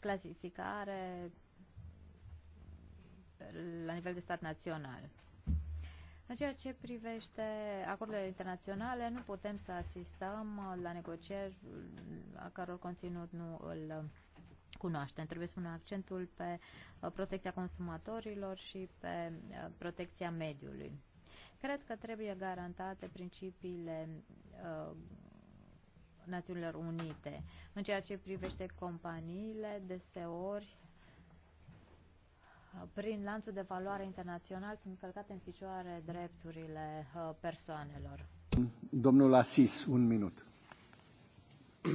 clasificare la nivel de stat național. În ceea ce privește acordurile internaționale, nu putem să asistăm la negocieri a căror conținut nu îl cunoaștem. Trebuie să punem accentul pe uh, protecția consumatorilor și pe uh, protecția mediului. Cred că trebuie garantate principiile uh, Națiunilor Unite. În ceea ce privește companiile, deseori prin lanțul de valoare internațional sunt călcate în picioare drepturile persoanelor. Domnul Asis, un minut. Eh,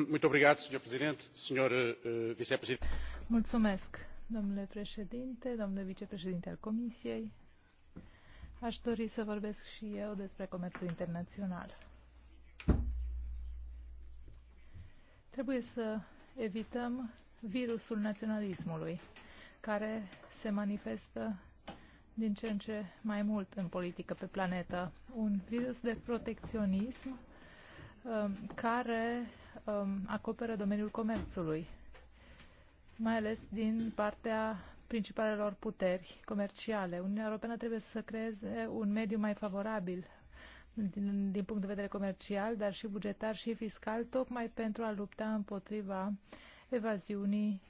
domnule președinte, domnule vicepreședinte al Comisiei. Aș dori să vorbesc și eu despre comerțul internațional. Trebuie să evităm virusul naționalismului, care se manifestă din ce în ce mai mult în politică pe planetă. Un virus de protecționism eh, care Um, acoperă domeniul comerțului, mai ales din partea principalelor puteri comerciale. Uniunea Europeană trebuie să creeze un mediu mai favorabil din, din punct de vedere comercial, dar și bugetar și fiscal, tocmai pentru a lupta împotriva evaziunii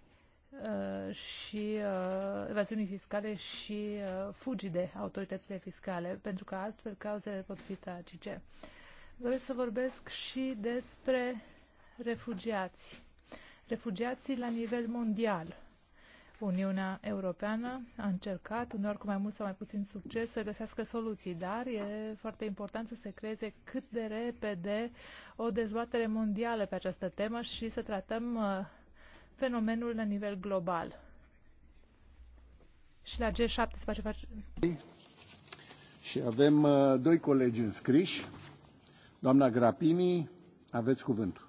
uh, și uh, evaziunii fiscale și uh, fugi de autoritățile fiscale, pentru că altfel cauzele pot fi tragice. Vreau să vorbesc și despre refugiați. Refugiații la nivel mondial. Uniunea Europeană a încercat, unor cu mai mult sau mai puțin succes, să găsească soluții, dar e foarte important să se creeze cât de repede o dezbatere mondială pe această temă și să tratăm uh, fenomenul la nivel global. Și la G7 se face... Și avem uh, doi colegi înscriși. Doamna Grapini, aveți cuvântul.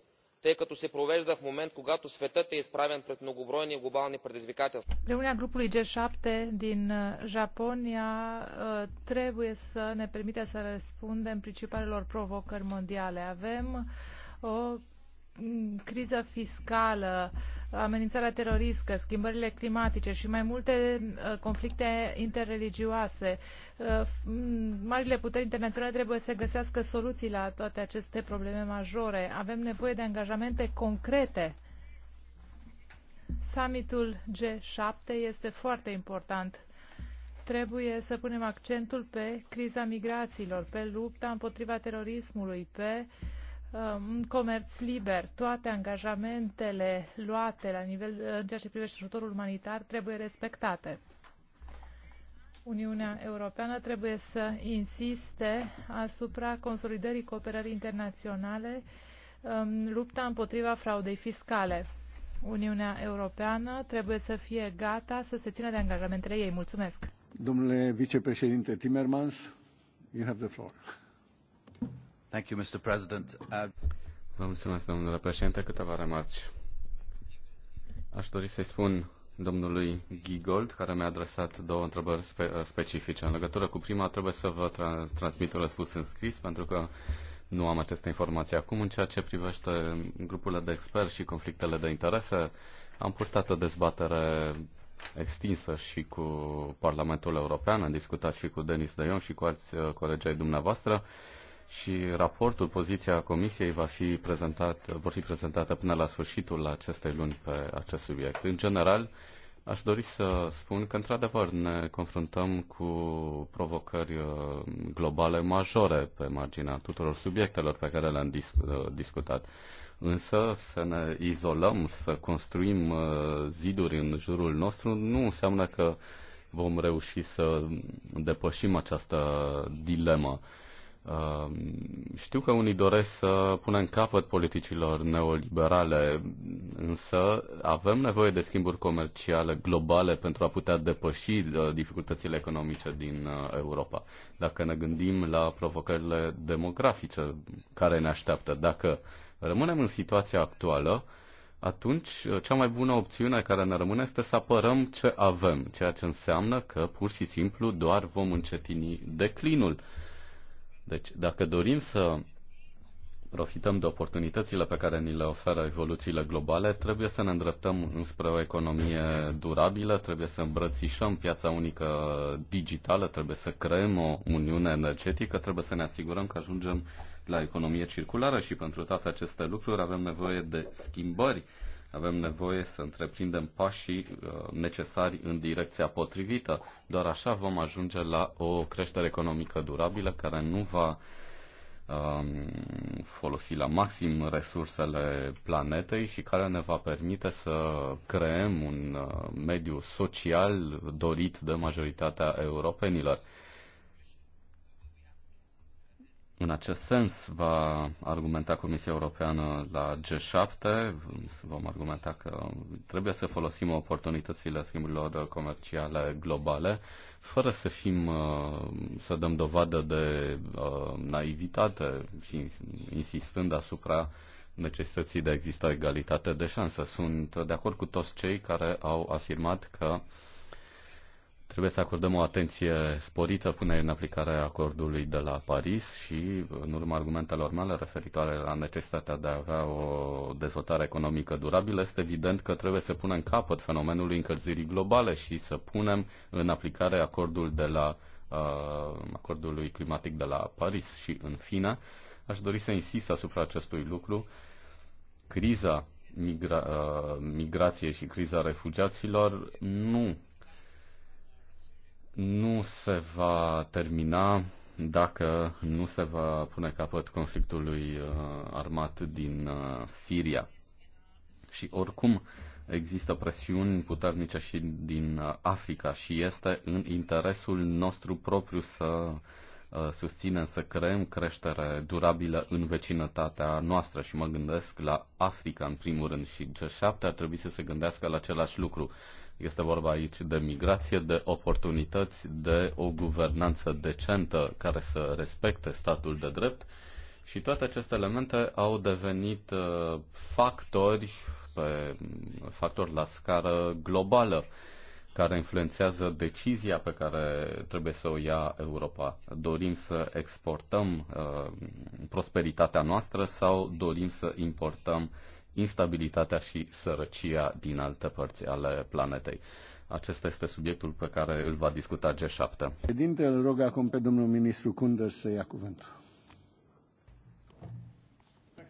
тъй като се провежда в момент когато светът е изправен пред многобройни глобални предизвикателства. Reuniunea grupului G7 din Japonia trebuie să ne permite să răspundem principalelor provocări mondiale. Avem o criza fiscală, amenințarea teroristă, schimbările climatice și mai multe uh, conflicte interreligioase. Uh, marile puteri internaționale trebuie să găsească soluții la toate aceste probleme majore. Avem nevoie de angajamente concrete. Summitul G7 este foarte important trebuie să punem accentul pe criza migrațiilor, pe lupta împotriva terorismului, pe uh, Um, în comerț liber, toate angajamentele luate la nivel, uh, în ceea ce privește ajutorul umanitar trebuie respectate. Uniunea Europeană trebuie să insiste asupra consolidării cooperării internaționale, um, lupta împotriva fraudei fiscale. Uniunea Europeană trebuie să fie gata să se țină de angajamentele ei. Mulțumesc. Domnule vicepreședinte Timmermans, you have the floor. Thank you, Mr. President. Uh, vă mulțumesc, domnule președinte. Câteva remarci. Aș dori să-i spun domnului Gigold, care mi-a adresat două întrebări spe- uh, specifice. În legătură cu prima, trebuie să vă tra- transmit un răspuns în scris, pentru că nu am aceste informații acum. În ceea ce privește grupurile de experți și conflictele de interese, am purtat o dezbatere extinsă și cu Parlamentul European, am discutat și cu Denis Dăion și cu alți uh, colegi ai dumneavoastră. Uh, și raportul, poziția Comisiei va fi prezentat, vor fi prezentate până la sfârșitul acestei luni pe acest subiect. În general, aș dori să spun că, într-adevăr, ne confruntăm cu provocări uh, globale majore pe marginea tuturor subiectelor pe care le-am dis- uh, discutat. Însă să ne izolăm, să construim uh, ziduri în jurul nostru, nu înseamnă că vom reuși să depășim această dilemă Um, știu că unii doresc să pună în capăt politicilor neoliberale, însă avem nevoie de schimburi comerciale globale pentru a putea depăși uh, dificultățile economice din uh, Europa. Dacă ne gândim la provocările demografice care ne așteaptă, dacă rămânem în situația actuală, atunci uh, cea mai bună opțiune care ne rămâne este să apărăm ce avem, ceea ce înseamnă că pur și simplu doar vom încetini declinul deci, dacă dorim să profităm de oportunitățile pe care ni le oferă evoluțiile globale, trebuie să ne îndreptăm înspre o economie durabilă, trebuie să îmbrățișăm piața unică digitală, trebuie să creăm o uniune energetică, trebuie să ne asigurăm că ajungem la economie circulară și pentru toate aceste lucruri avem nevoie de schimbări avem nevoie să întreprindem pașii uh, necesari în direcția potrivită. Doar așa vom ajunge la o creștere economică durabilă care nu va um, folosi la maxim resursele planetei și care ne va permite să creăm un uh, mediu social dorit de majoritatea europenilor. În acest sens va argumenta Comisia Europeană la G7, vom argumenta că trebuie să folosim oportunitățile schimburilor comerciale globale, fără să fim, uh, să dăm dovadă de uh, naivitate și insistând asupra necesității de a exista egalitate de șansă. Sunt de acord cu toți cei care au afirmat că Trebuie să acordăm o atenție sporită până în aplicare acordului de la Paris și, în urma argumentelor mele referitoare la necesitatea de a avea o dezvoltare economică durabilă, este evident că trebuie să punem capăt fenomenului încălzirii globale și să punem în aplicare acordul de la uh, acordului climatic de la Paris. Și, în fine, aș dori să insist asupra acestui lucru. Criza migra- uh, migrației și criza refugiaților nu nu se va termina dacă nu se va pune capăt conflictului uh, armat din uh, Siria. Și oricum există presiuni puternice și din uh, Africa și este în interesul nostru propriu să susținem, să creăm creștere durabilă în vecinătatea noastră și mă gândesc la Africa în primul rând și G7 ar trebui să se gândească la același lucru este vorba aici de migrație, de oportunități, de o guvernanță decentă care să respecte statul de drept și toate aceste elemente au devenit uh, factori, pe, factori la scară globală care influențează decizia pe care trebuie să o ia Europa. Dorim să exportăm uh, prosperitatea noastră sau dorim să importăm instabilitatea și sărăcia din alte părți ale planetei. Acesta este subiectul pe care îl va discuta G7. Președinte, îl rog acum pe domnul ministru Kunder să ia cuvântul. Thank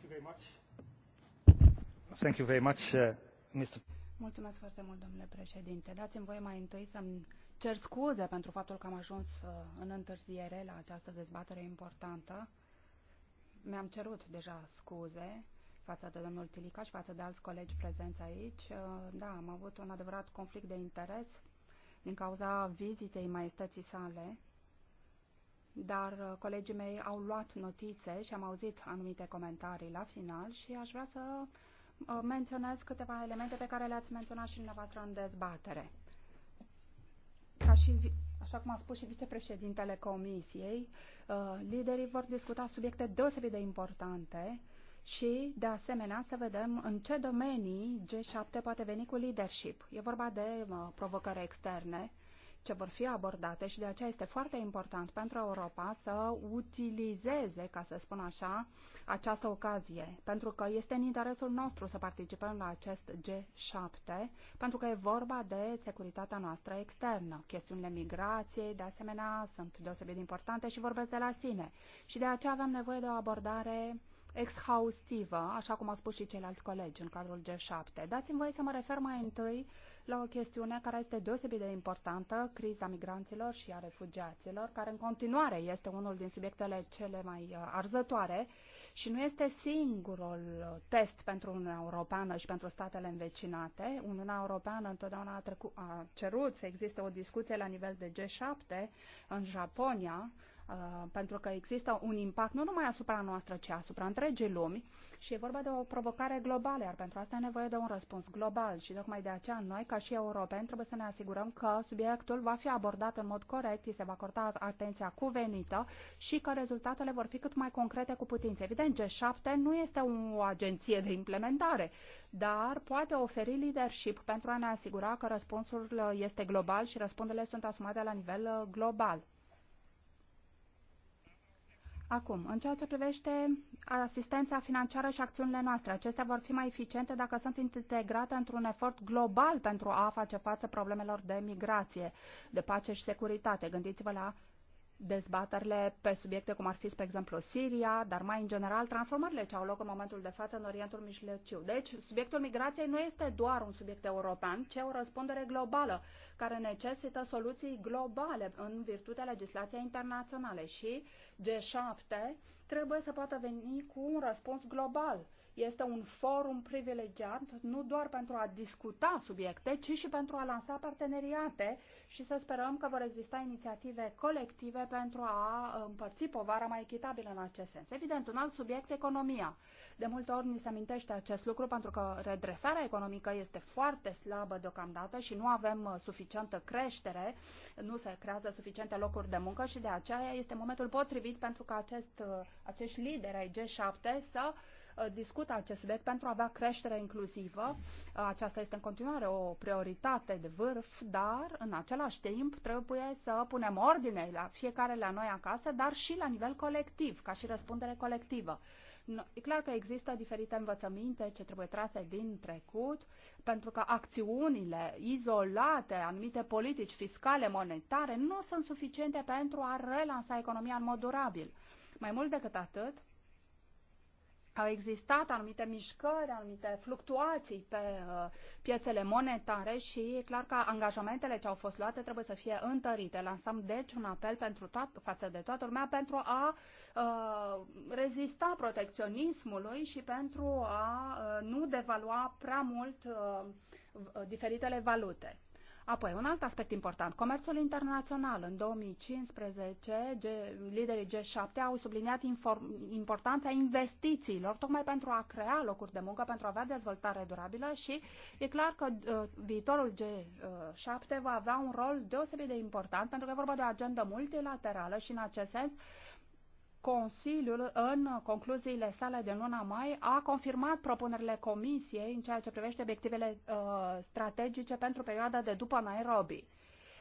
you very much, uh, Mr. Mulțumesc foarte mult, domnule președinte. Dați-mi voie mai întâi să-mi cer scuze pentru faptul că am ajuns uh, în întârziere la această dezbatere importantă. Mi-am cerut deja scuze față de domnul Tilica și față de alți colegi prezenți aici. Uh, da, am avut un adevărat conflict de interes din cauza vizitei maestății sale, dar uh, colegii mei au luat notițe și am auzit anumite comentarii la final și aș vrea să uh, menționez câteva elemente pe care le-ați menționat și dumneavoastră în dezbatere. Ca și, așa cum a spus și vicepreședintele Comisiei, liderii vor discuta subiecte deosebit de importante și, de asemenea, să vedem în ce domenii G7 poate veni cu leadership. E vorba de uh, provocări externe ce vor fi abordate și de aceea este foarte important pentru Europa să utilizeze, ca să spun așa, această ocazie, pentru că este în interesul nostru să participăm la acest G7, pentru că e vorba de securitatea noastră externă. Chestiunile migrației, de asemenea, sunt deosebit importante și vorbesc de la sine. Și de aceea avem nevoie de o abordare exhaustivă, așa cum au spus și ceilalți colegi în cadrul G7. Dați-mi voie să mă refer mai întâi la o chestiune care este deosebit de importantă, criza migranților și a refugiaților, care în continuare este unul din subiectele cele mai uh, arzătoare și nu este singurul test pentru Uniunea Europeană și pentru statele învecinate. Uniunea Europeană întotdeauna a, trecu- a cerut să existe o discuție la nivel de G7 în Japonia, Uh, pentru că există un impact nu numai asupra noastră, ci asupra întregii lumi și e vorba de o provocare globală, iar pentru asta e nevoie de un răspuns global și tocmai de aceea noi, ca și europeni, trebuie să ne asigurăm că subiectul va fi abordat în mod corect, îi se va acorda atenția cuvenită și că rezultatele vor fi cât mai concrete cu putință. Evident, G7 nu este o agenție de implementare, dar poate oferi leadership pentru a ne asigura că răspunsul este global și răspundele sunt asumate la nivel uh, global. Acum, în ceea ce privește asistența financiară și acțiunile noastre, acestea vor fi mai eficiente dacă sunt integrate într-un efort global pentru a face față problemelor de migrație, de pace și securitate. Gândiți-vă la dezbaterile pe subiecte cum ar fi, spre exemplu, Siria, dar mai în general transformările ce au loc în momentul de față în Orientul Mijlociu. Deci, subiectul migrației nu este doar un subiect european, ci o răspundere globală care necesită soluții globale în virtutea legislației internaționale și G7 trebuie să poată veni cu un răspuns global este un forum privilegiat nu doar pentru a discuta subiecte, ci și pentru a lansa parteneriate și să sperăm că vor exista inițiative colective pentru a uh, împărți povara mai echitabilă în acest sens. Evident, un alt subiect, economia. De multe ori ni se amintește acest lucru pentru că redresarea economică este foarte slabă deocamdată și nu avem uh, suficientă creștere, nu se creează suficiente locuri de muncă și de aceea este momentul potrivit pentru ca acest, uh, acești lideri ai G7 să uh, Uh, discută acest subiect pentru a avea creștere inclusivă. Uh, aceasta este în continuare o prioritate de vârf, dar în același timp trebuie să punem ordine la fiecare la noi acasă, dar și la nivel colectiv, ca și răspundere colectivă. E clar că există diferite învățăminte ce trebuie trase din trecut, pentru că acțiunile izolate, anumite politici fiscale, monetare, nu sunt suficiente pentru a relansa economia în mod durabil. Mai mult decât atât, au existat anumite mișcări, anumite fluctuații pe uh, piețele monetare și e clar că angajamentele ce au fost luate trebuie să fie întărite. Lansăm deci un apel pentru toată, față de toată lumea pentru a uh, rezista protecționismului și pentru a uh, nu devalua prea mult uh, diferitele valute. Apoi, un alt aspect important, comerțul internațional. În 2015, G, liderii G7 au subliniat inform, importanța investițiilor, tocmai pentru a crea locuri de muncă, pentru a avea dezvoltare durabilă și e clar că uh, viitorul G7 va avea un rol deosebit de important, pentru că e vorba de o agendă multilaterală și, în acest sens, Consiliul, în concluziile sale din luna mai, a confirmat propunerile Comisiei în ceea ce privește obiectivele uh, strategice pentru perioada de după Nairobi.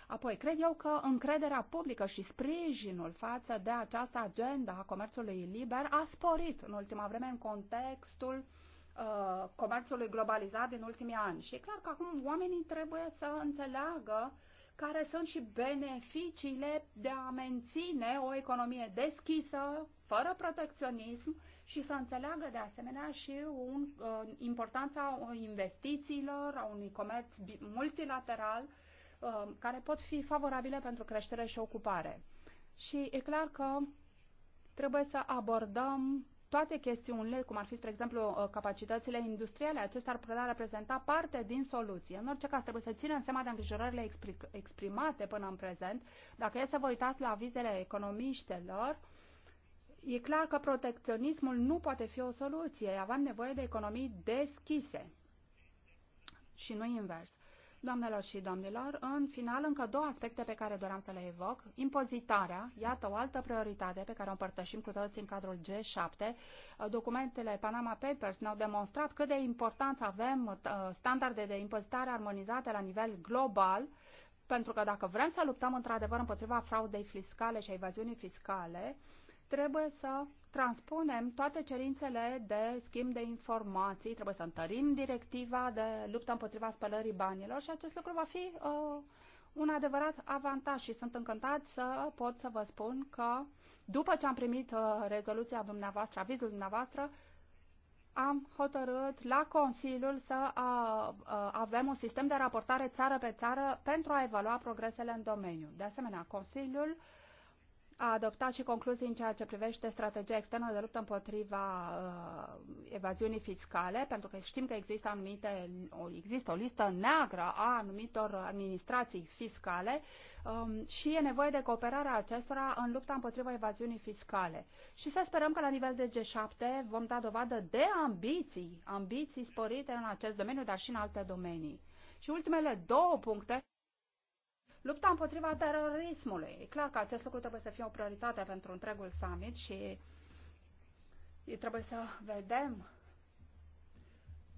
Apoi, cred eu că încrederea publică și sprijinul față de această agenda a comerțului liber a sporit în ultima vreme în contextul uh, comerțului globalizat din ultimii ani. Și e clar că acum oamenii trebuie să înțeleagă uh, care sunt și beneficiile de a menține o economie deschisă, fără protecționism și să înțeleagă de asemenea și un, uh, importanța investițiilor, a unui comerț multilateral uh, care pot fi favorabile pentru creștere și ocupare. Și e clar că trebuie să abordăm toate chestiunile, cum ar fi, spre exemplu, uh, capacitățile industriale, acestea ar putea reprezenta parte din soluție. În orice caz, trebuie să ținem seama de îngrijorările exprimate până în prezent. Dacă e să vă uitați la vizele economiștilor, e clar că protecționismul nu poate fi o soluție. Avem nevoie de economii deschise și nu invers. Doamnelor și domnilor, în final, încă două aspecte pe care doream să le evoc. Impozitarea, iată o altă prioritate pe care o împărtășim cu toți în cadrul G7. Documentele Panama Papers ne-au demonstrat cât de important avem uh, standarde de impozitare armonizate la nivel global pentru că dacă vrem să luptăm într-adevăr împotriva fraudei fiscale și a evaziunii fiscale, trebuie să transpunem toate cerințele de schimb de informații, trebuie să întărim directiva de luptă împotriva spălării banilor și acest lucru va fi uh, un adevărat avantaj și sunt încântat să pot să vă spun că după ce am primit uh, rezoluția dumneavoastră, avizul dumneavoastră, am hotărât la Consiliul să uh, uh, avem un sistem de raportare țară pe țară pentru a evalua progresele în domeniu. De asemenea, Consiliul uh, a adoptat și concluzii în ceea ce privește strategia externă de luptă împotriva uh, evaziunii fiscale, pentru că știm că există, anumite, există o listă neagră a anumitor administrații fiscale um, și e nevoie de cooperarea acestora în lupta împotriva evaziunii fiscale. Și să sperăm că la nivel de G7 vom da dovadă de ambiții, ambiții sporite în acest domeniu, dar și în alte domenii. Și ultimele două puncte Lupta împotriva terorismului. E clar că acest lucru trebuie să fie o prioritate pentru întregul summit și trebuie să vedem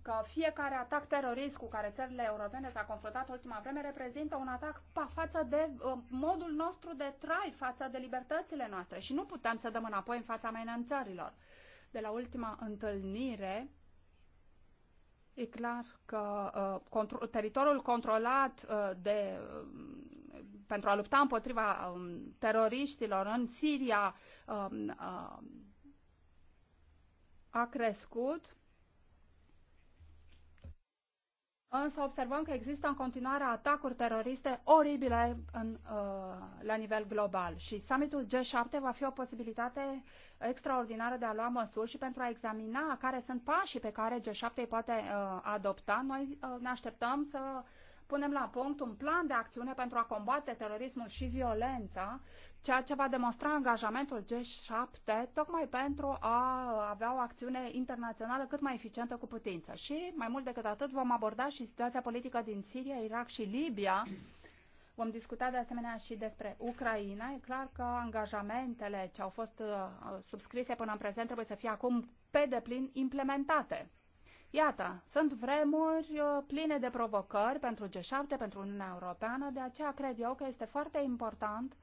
că fiecare atac terorist cu care țările europene s-a confruntat ultima vreme reprezintă un atac față de ă, modul nostru de trai, față de libertățile noastre și nu putem să dăm înapoi în fața amenințărilor. De la ultima întâlnire, E clar că uh, contro- teritoriul controlat uh, de, uh, pentru a lupta împotriva um, teroriștilor în Siria um, uh, a crescut însă observăm că există în continuare atacuri teroriste oribile în, uh, la nivel global și summitul G7 va fi o posibilitate extraordinară de a lua măsuri și pentru a examina care sunt pașii pe care G7 îi poate uh, adopta. Noi uh, ne așteptăm să punem la punct un plan de acțiune pentru a combate terorismul și violența ceea ce va demonstra angajamentul G7 tocmai pentru a avea o acțiune internațională cât mai eficientă cu putință. Și mai mult decât atât vom aborda și situația politică din Siria, Irak și Libia. Vom discuta de asemenea și despre Ucraina. E clar că angajamentele ce au fost uh, subscrise până în prezent trebuie să fie acum pe deplin implementate. Iată, sunt vremuri uh, pline de provocări pentru G7, pentru Uniunea Europeană, de aceea cred eu că este foarte important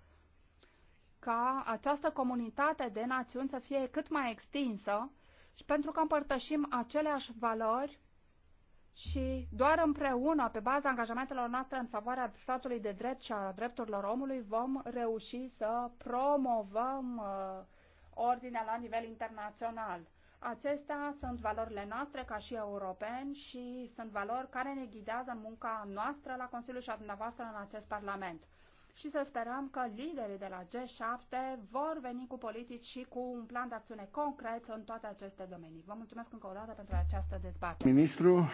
ca această comunitate de națiuni să fie cât mai extinsă și pentru că împărtășim aceleași valori și doar împreună, pe baza angajamentelor noastre în favoarea statului de drept și a drepturilor omului, vom reuși să promovăm uh, ordinea la nivel internațional. Acestea sunt valorile noastre ca și europeni și sunt valori care ne ghidează în munca noastră la Consiliu și a dumneavoastră în acest Parlament și să sperăm că liderii de la G7 vor veni cu politici și cu un plan de acțiune concret în toate aceste domenii. Vă mulțumesc încă o dată pentru această dezbatere. Ministru,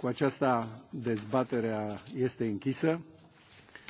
cu aceasta dezbaterea este închisă.